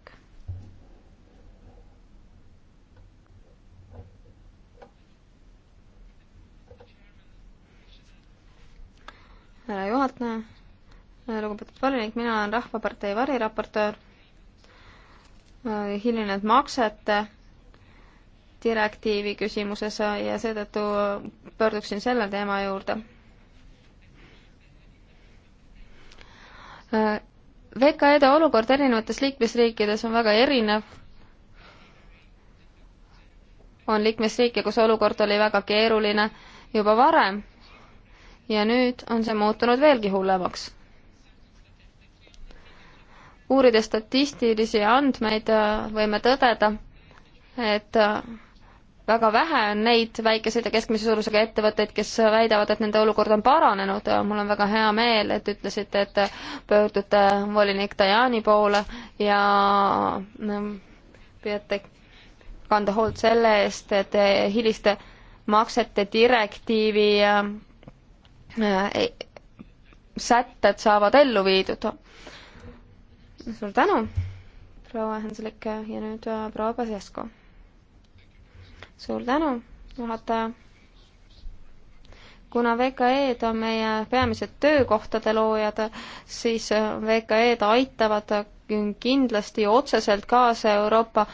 härra juhataja lugupeetud volinik, mina olen Rahvapartei variraportöör. hilinenud maksete direktiivi küsimuses ja seetõttu pöörduksin selle teema juurde. VKE-de olukord erinevates liikmesriikides on väga erinev. on liikmesriike, kus olukord oli väga keeruline juba varem ja nüüd on see muutunud veelgi hullemaks uurides statistilisi andmeid, äh, võime tõdeda, et äh, väga vähe on neid väikeseid ja keskmise suurusega ettevõtteid, kes väidavad, et nende olukord on paranenud. mul on väga hea meel, et ütlesite, et pöördute volinik Dajani poole ja mm, püüate kanda hoolt selle eest, et hiliste maksete direktiivi äh, e-, sätted saavad ellu viidud suur tänu, proua Henselik ja nüüd äh, proua Pasesko. suur tänu, juhataja. kuna VKE-d on meie peamised töökohtade loojad, siis äh, VKE-d aitavad äh, kindlasti otseselt kaasa Euroopa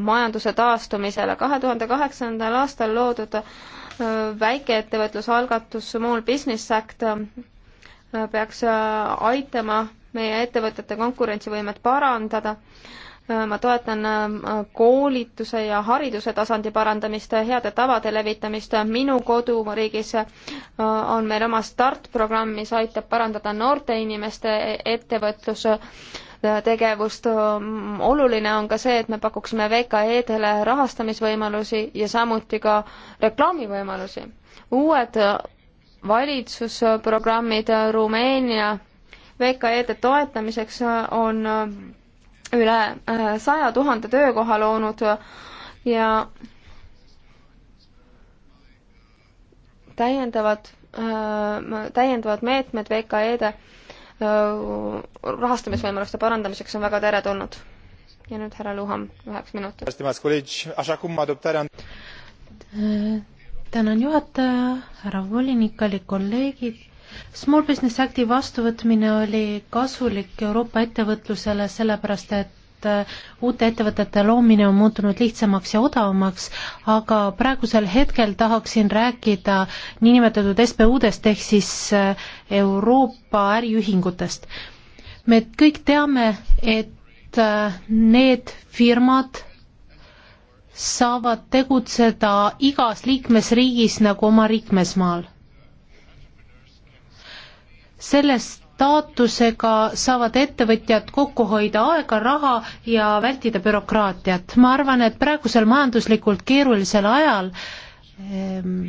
majanduse taastumisele. kahe tuhande kaheksandal aastal loodud väikeettevõtlusalgatus Small Business Act peaks aitama meie ettevõtete konkurentsivõimet parandada. ma toetan äh, koolituse ja hariduse tasandi parandamist, heade tavade levitamist. minu koduriigis äh, on meil oma START-programm, mis aitab parandada noorte inimeste e-, ettevõtluse äh, tegevust. Mm, oluline on ka see, et me pakuksime VKE-dele rahastamisvõimalusi ja samuti ka reklaamivõimalusi. uued valitsusprogrammid Rumeenia VKE-de toetamiseks äh, on äh, üle äh, saja tuhande töökoha loonud ja täiendavad, täiendavad meetmed VKE-de rahastamisvõimaluste parandamiseks on väga
teretulnud. ja nüüd härra Luham üheks minutiks. tänan juhataja, härra volinik, kallid kolleegid Small Business Acti vastuvõtmine oli kasulik Euroopa ettevõtlusele, sellepärast et äh, uute ettevõtete loomine on muutunud lihtsamaks ja odavamaks, aga praegusel hetkel tahaksin rääkida niinimetatud SBU-dest ehk siis äh, Euroopa äriühingutest. me kõik teame, et äh, need firmad saavad tegutseda igas liikmesriigis nagu oma liikmesmaal selle staatusega saavad ettevõtjad kokku hoida aega, raha ja vältida bürokraatiat. ma arvan, et praegusel majanduslikult keerulisel ajal ehm,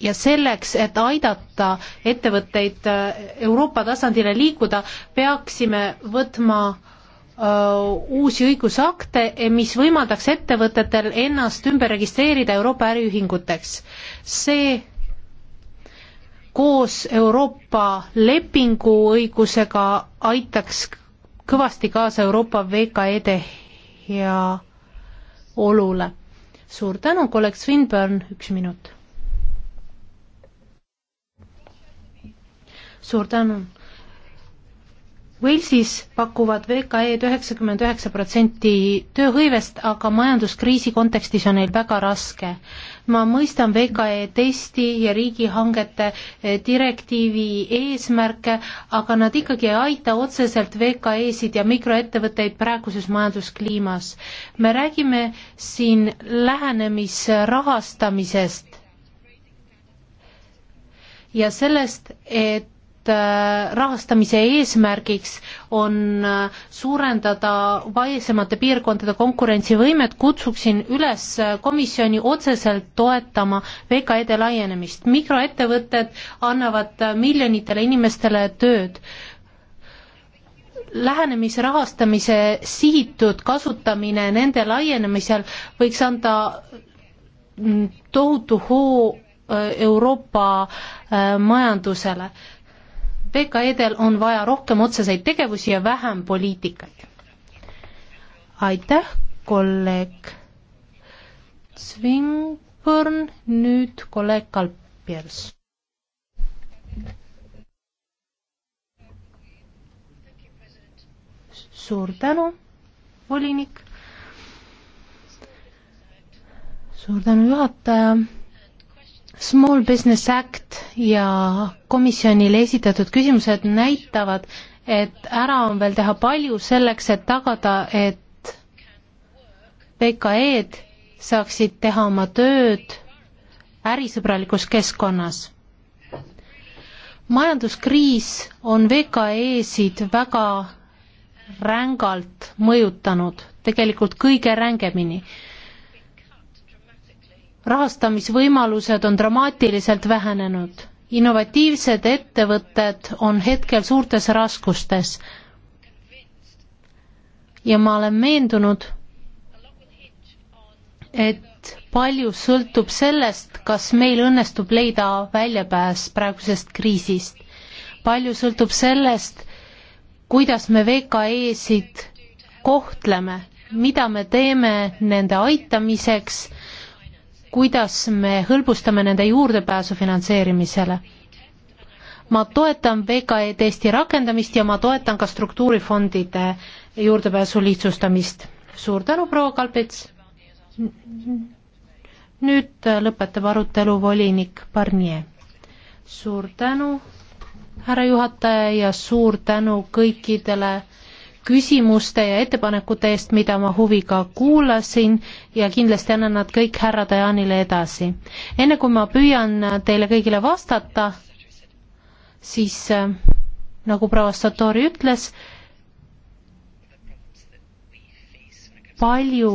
ja selleks, et aidata ettevõtteid eh, Euroopa tasandile liikuda, peaksime võtma eh, uusi õigusakte, eh, mis võimaldaks ettevõtetel ennast ümber registreerida Euroopa äriühinguteks. see koos Euroopa lepinguõigusega aitaks kõvasti kaasa Euroopa VKE-de heaolule. suur tänu, kolleeg Swinburne, üks minut. suur tänu Walesis pakuvad VKE-d üheksakümmend üheksa protsenti tööhõivest, aga majanduskriisi kontekstis on neil väga raske. ma mõistan VKE testi ja riigihangete eh, direktiivi eesmärke, aga nad ikkagi ei aita otseselt VKE-sid ja mikroettevõtteid praeguses majanduskliimas. me räägime siin lähenemisrahastamisest ja sellest, et Äh, rahastamise eesmärgiks on äh, suurendada vaesemate piirkondade konkurentsivõimet, kutsuksin üles äh, komisjoni otseselt toetama VKE-de laienemist. mikroettevõtted annavad miljonitele inimestele tööd lähenemisrahastamise sihitud kasutamine nende laienemisel võiks anda mm, tohutu hoo Euroopa majandusele VKE-del on vaja rohkem otseseid tegevusi ja vähem poliitikaid. aitäh, kolleeg Swinburn, nüüd kolleeg Kalpjärs. suur tänu, volinik. suur tänu, juhataja Small Business Act ja komisjonile esitatud küsimused näitavad, et ära on veel teha palju selleks, et tagada, et VKE-d saaksid teha oma tööd ärisõbralikus keskkonnas. majanduskriis on VKE-sid väga rängalt mõjutanud, tegelikult kõige rängemini rahastamisvõimalused on dramaatiliselt vähenenud. innovatiivsed ettevõtted on hetkel suurtes raskustes. ja ma olen veendunud, et palju sõltub sellest, kas meil õnnestub leida väljapääs praegusest kriisist. palju sõltub sellest, kuidas me VKE-sid kohtleme, mida me teeme nende aitamiseks kuidas me hõlbustame nende juurdepääsu finantseerimisele. ma toetan VKE testi rakendamist ja ma toetan ka struktuurifondide juurdepääsu lihtsustamist. suur tänu, proua Kalpits! nüüd lõpetab arutelu volinik Barnier. suur tänu, härra juhataja, ja suur tänu kõikidele küsimuste ja ettepanekute eest, mida ma huviga kuulasin ja kindlasti annan nad kõik härra Dajanile edasi. enne kui ma püüan teile kõigile vastata, siis äh, nagu proua Satori ütles, palju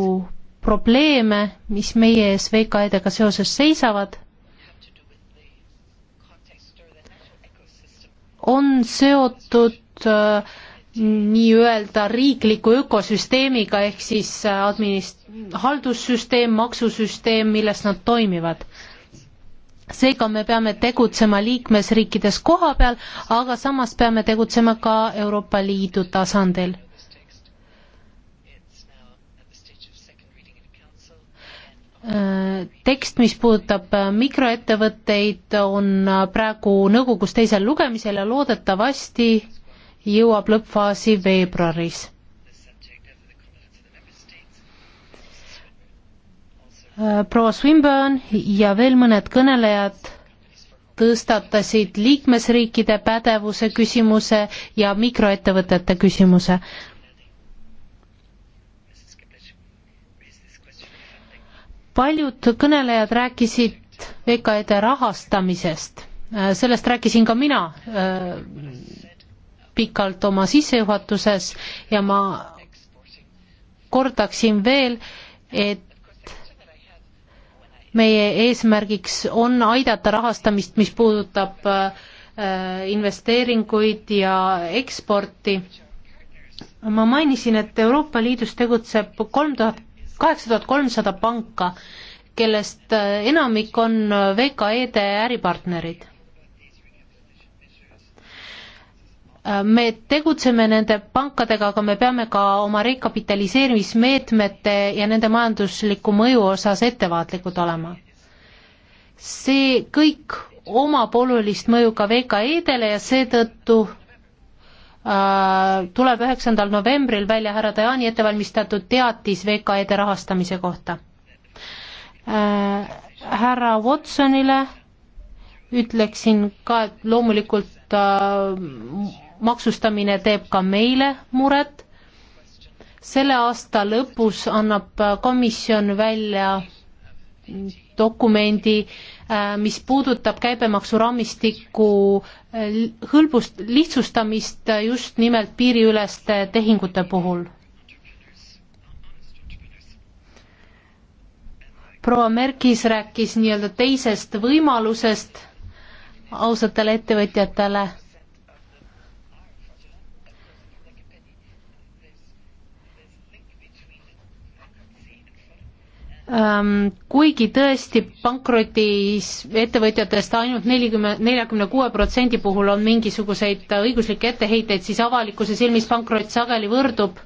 probleeme, mis meie ees VKE-dega seoses seisavad, on seotud äh, nii-öelda riikliku ökosüsteemiga ehk siis äh, administ-, haldussüsteem, maksusüsteem, milles nad toimivad. seega me peame tegutsema liikmesriikides koha peal, aga samas peame tegutsema ka Euroopa Liidu tasandil äh, tekst, mis puudutab äh, mikroettevõtteid, on praegu nõukogus teisel lugemisel ja loodetavasti jõuab lõppfaasi veebruaris. proua Swinburne ja veel mõned kõnelejad tõstatasid liikmesriikide pädevuse küsimuse ja mikroettevõtete küsimuse. paljud kõnelejad rääkisid VKE-de rahastamisest, sellest rääkisin ka mina pikalt oma sissejuhatuses ja ma kordaksin veel, et meie eesmärgiks on aidata rahastamist, mis puudutab äh, investeeringuid ja eksporti. ma mainisin, et Euroopa Liidus tegutseb kolm tuhat, kaheksa tuhat kolmsada panka, kellest äh, enamik on äh, VKE-de äripartnerid me tegutseme nende pankadega, aga me peame ka oma rekapitaliseerimismeetmete ja nende majandusliku mõju osas ettevaatlikud olema. see kõik omab olulist mõju ka VKE-dele ja seetõttu äh, tuleb üheksandal novembril välja härra Tajani ettevalmistatud teatis VKE-de rahastamise kohta äh,. härra Watsonile ütleksin ka, et loomulikult äh, maksustamine teeb ka meile muret. selle aasta lõpus annab komisjon välja dokumendi, äh, mis puudutab käibemaksuraamistiku äh, hõlbust, lihtsustamist just nimelt piiriüleste tehingute puhul. proua Merkis rääkis nii-öelda teisest võimalusest ausatele ettevõtjatele Ähm, kuigi tõesti pankrotis ettevõtjatest ainult nelikümmend, neljakümne kuue protsendi puhul on mingisuguseid õiguslikke etteheiteid, siis avalikkuse silmis pankrot sageli võrdub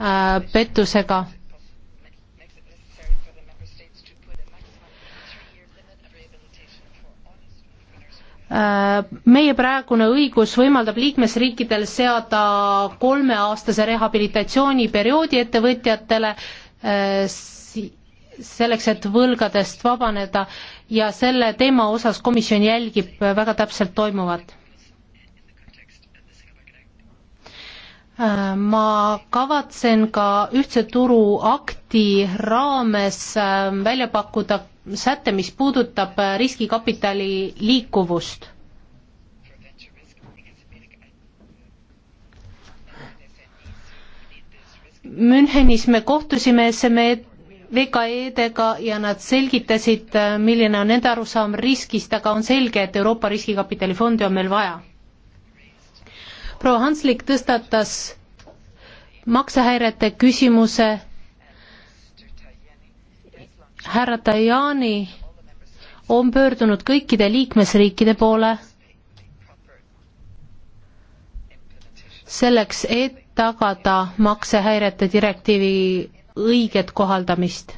äh, pettusega. Äh, meie praegune õigus võimaldab liikmesriikidel seada kolmeaastase rehabilitatsiooniperioodi ettevõtjatele äh,, selleks, et võlgadest vabaneda ja selle teema osas komisjon jälgib väga täpselt toimuvat. ma kavatsen ka ühtse turu akti raames ähm, välja pakkuda säte, mis puudutab äh, riskikapitali liikuvust. Münchenis me kohtusime SME-d VKE-dega ja nad selgitasid, äh, milline on nende arusaam riskist, aga on selge, et Euroopa riskikapitalifondi on meil vaja. proua Hanslik tõstatas maksehäirete küsimuse härra Tajani on pöördunud kõikide liikmesriikide poole selleks, et tagada maksehäirete direktiivi õiget kohaldamist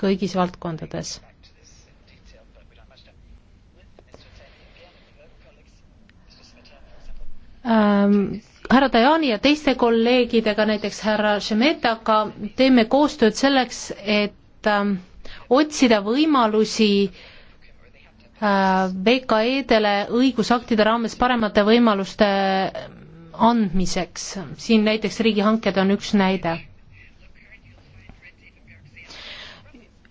kõigis valdkondades. Ähm, härra Tajani ja teiste kolleegidega, näiteks härra Šemetaga, teeme koostööd selleks, et ähm, otsida võimalusi äh, VKE-dele õigusaktide raames paremate võimaluste andmiseks. siin näiteks riigihanked on üks näide.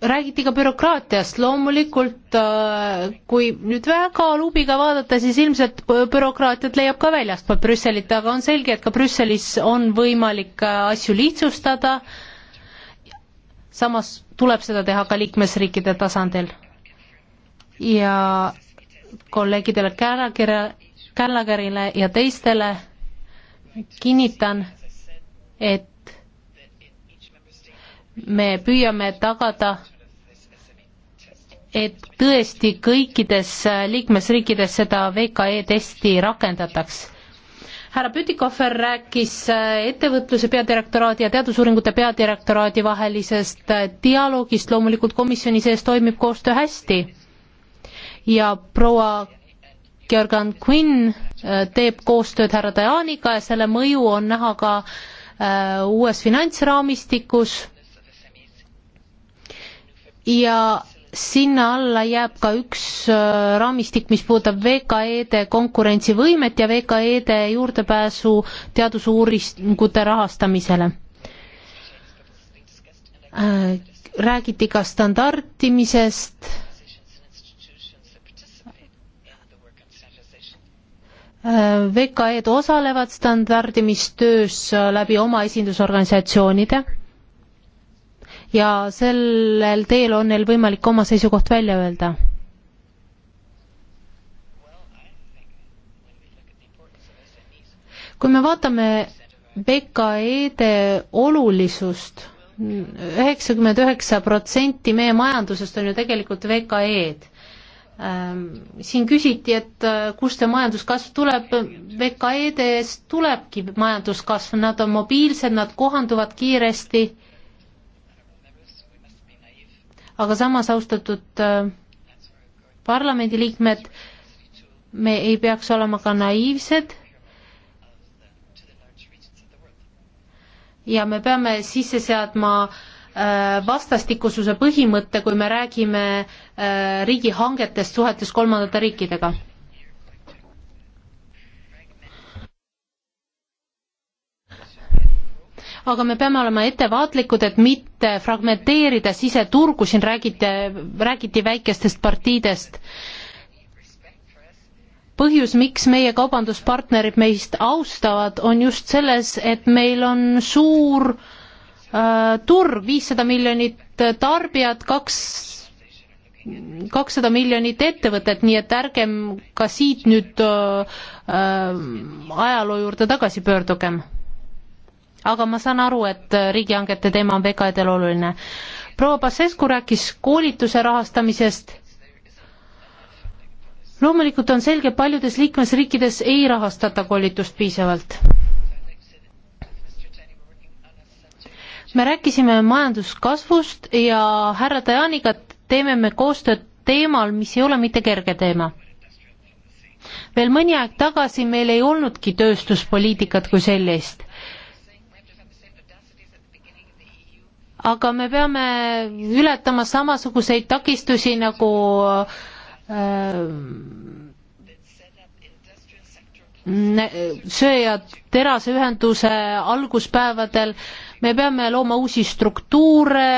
räägiti ka bürokraatiast, loomulikult äh, kui nüüd väga lubiga vaadata, siis ilmselt bürokraatiat leiab ka väljaspool Brüsselit, aga on selge, et ka Brüsselis on võimalik äh, asju lihtsustada, samas tuleb seda teha ka liikmesriikide tasandil. ja kolleegidele Källagere, Källagerile ja teistele kinnitan, et me püüame tagada et tõesti kõikides liikmesriikides seda VKE testi rakendataks. härra Pütikofer rääkis äh, ettevõtluse peadirektoraadi ja teadusuuringute peadirektoraadi vahelisest äh, dialoogist, loomulikult komisjoni sees toimib koostöö hästi ja proua Georgan Quinn äh, teeb koostööd härra Tajaniga ja selle mõju on näha ka uues finantsraamistikus ja sinna alla jääb ka üks äh, raamistik, mis puudutab VKE-de konkurentsivõimet ja VKE-de juurdepääsu teadusuuringute rahastamisele. Äh, räägiti ka standardimisest, äh, VKE-d osalevad standardimistöös läbi oma esindusorganisatsioonide ja sellel teel on neil võimalik oma seisukoht välja öelda. kui me vaatame VKE-de olulisust, üheksakümmend üheksa protsenti meie majandusest on ju tegelikult VKE-d. Ähm, siin küsiti, et äh, kust see majanduskasv tuleb, VKE-dest tulebki majanduskasv, nad on mobiilsed, nad kohanduvad kiiresti aga samas, austatud äh, parlamendiliikmed, me ei peaks olema ka naiivsed ja me peame sisse seadma äh, vastastikususe põhimõtte, kui me räägime äh, riigihangetest suhetes kolmandate riikidega aga me peame olema ettevaatlikud, et mitte fragmenteerida siseturgu, siin räägiti, räägiti väikestest partiidest. põhjus, miks meie kaubanduspartnerid meist austavad, on just selles, et meil on suur äh, turg, viissada miljonit tarbijat, kaks kakssada miljonit ettevõtet, nii et ärgem ka siit nüüd äh, äh ajaloo juurde tagasi pöördugem aga ma saan aru, et äh, riigihangete teema on VKD-l oluline. proua Pasescu rääkis koolituse rahastamisest, loomulikult on selge, paljudes liikmesriikides ei rahastata koolitust piisavalt. me rääkisime majanduskasvust ja härra Tajaniga teeme me koostööd teemal, mis ei ole mitte kerge teema veel mõni aeg tagasi meil ei olnudki tööstuspoliitikat kui sellist. aga me peame ületama samasuguseid takistusi nagu äh, söe- ja teraseühenduse alguspäevadel me peame looma uusi struktuure,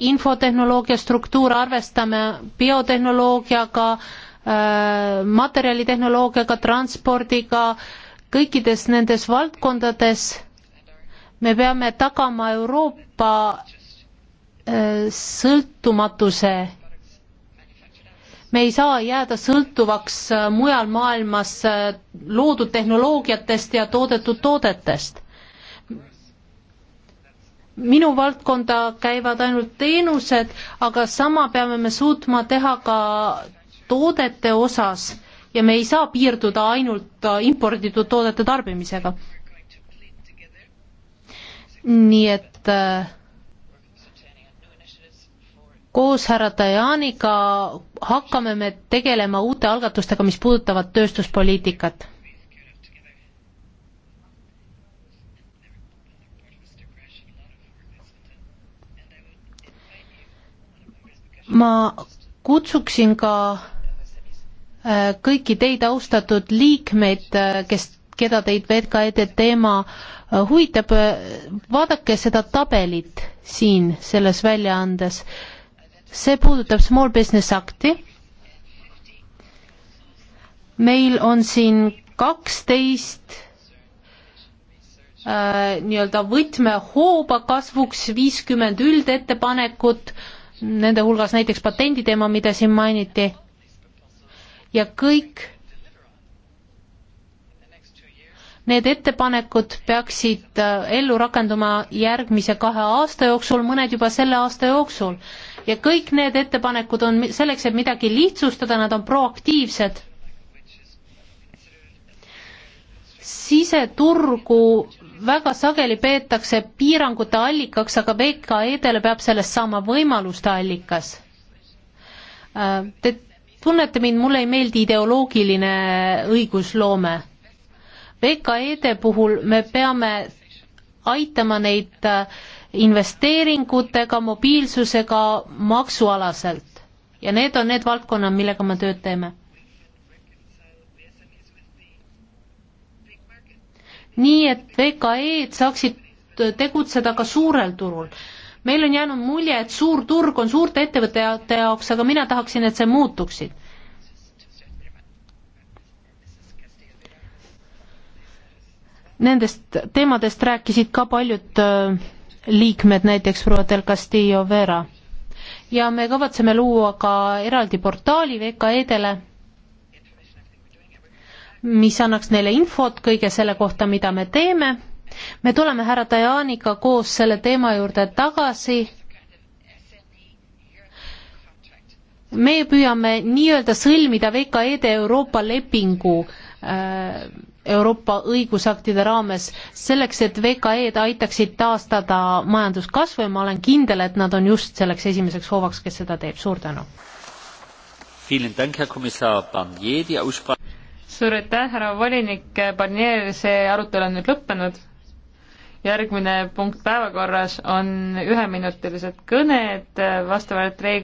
infotehnoloogia struktuure, arvestame biotehnoloogiaga, äh, materjalitehnoloogiaga, transpordiga, kõikides nendes valdkondades me peame tagama Euroopa Äh, sõltumatuse me ei saa jääda sõltuvaks äh, mujal maailmas äh, loodud tehnoloogiatest ja toodetud toodetest. minu valdkonda käivad ainult teenused, aga sama peame me suutma teha ka toodete osas ja me ei saa piirduda ainult imporditud toodete tarbimisega. nii et äh, koos härra Tajaniga hakkame me tegelema uute algatustega, mis puudutavad tööstuspoliitikat. ma kutsuksin ka äh, kõiki teid, austatud liikmeid, äh, kes, keda teid VKED teema äh, huvitab, vaadake seda tabelit siin selles väljaandes see puudutab Small Business Acti. meil on siin kaksteist äh, nii-öelda võtmehooba kasvuks, viiskümmend üldettepanekut, nende hulgas näiteks patenditeema, mida siin mainiti, ja kõik need ettepanekud peaksid äh, ellu rakenduma järgmise kahe aasta jooksul, mõned juba selle aasta jooksul ja kõik need ettepanekud on selleks, et midagi lihtsustada, nad on proaktiivsed. siseturgu väga sageli peetakse piirangute allikaks, aga VKE-dele peab sellest saama võimaluste allikas. Äh, te tunnete mind, mulle ei meeldi ideoloogiline õigusloome. VKE-de puhul me peame aitama neid äh, investeeringutega, mobiilsusega maksualaselt ja need on need valdkonnad, millega me tööd teeme. nii et VKE-d saaksid tegutseda ka suurel turul. meil on jäänud mulje, et suur turg on suurte ettevõtete jaoks, aga mina tahaksin, et see muutuksid. Nendest teemadest rääkisid ka paljud äh, liikmed, näiteks proua del Castillo Vera. ja me kavatseme luua ka eraldi portaali VKE-dele, mis annaks neile infot kõige selle kohta, mida me teeme. me tuleme härra Tajaniga koos selle teema juurde tagasi. me püüame nii-öelda sõlmida VKE-de Euroopa lepingu äh, Euroopa õigusaktide raames selleks, et VKE-d aitaksid taastada majanduskasvu ja ma olen kindel, et nad on just selleks esimeseks hoovaks, kes seda teeb, suur tänu. suur aitäh, härra volinik
Barnier, see arutelu on nüüd lõppenud. järgmine punkt päevakorras on üheminutilised kõned vastavalt reeglile.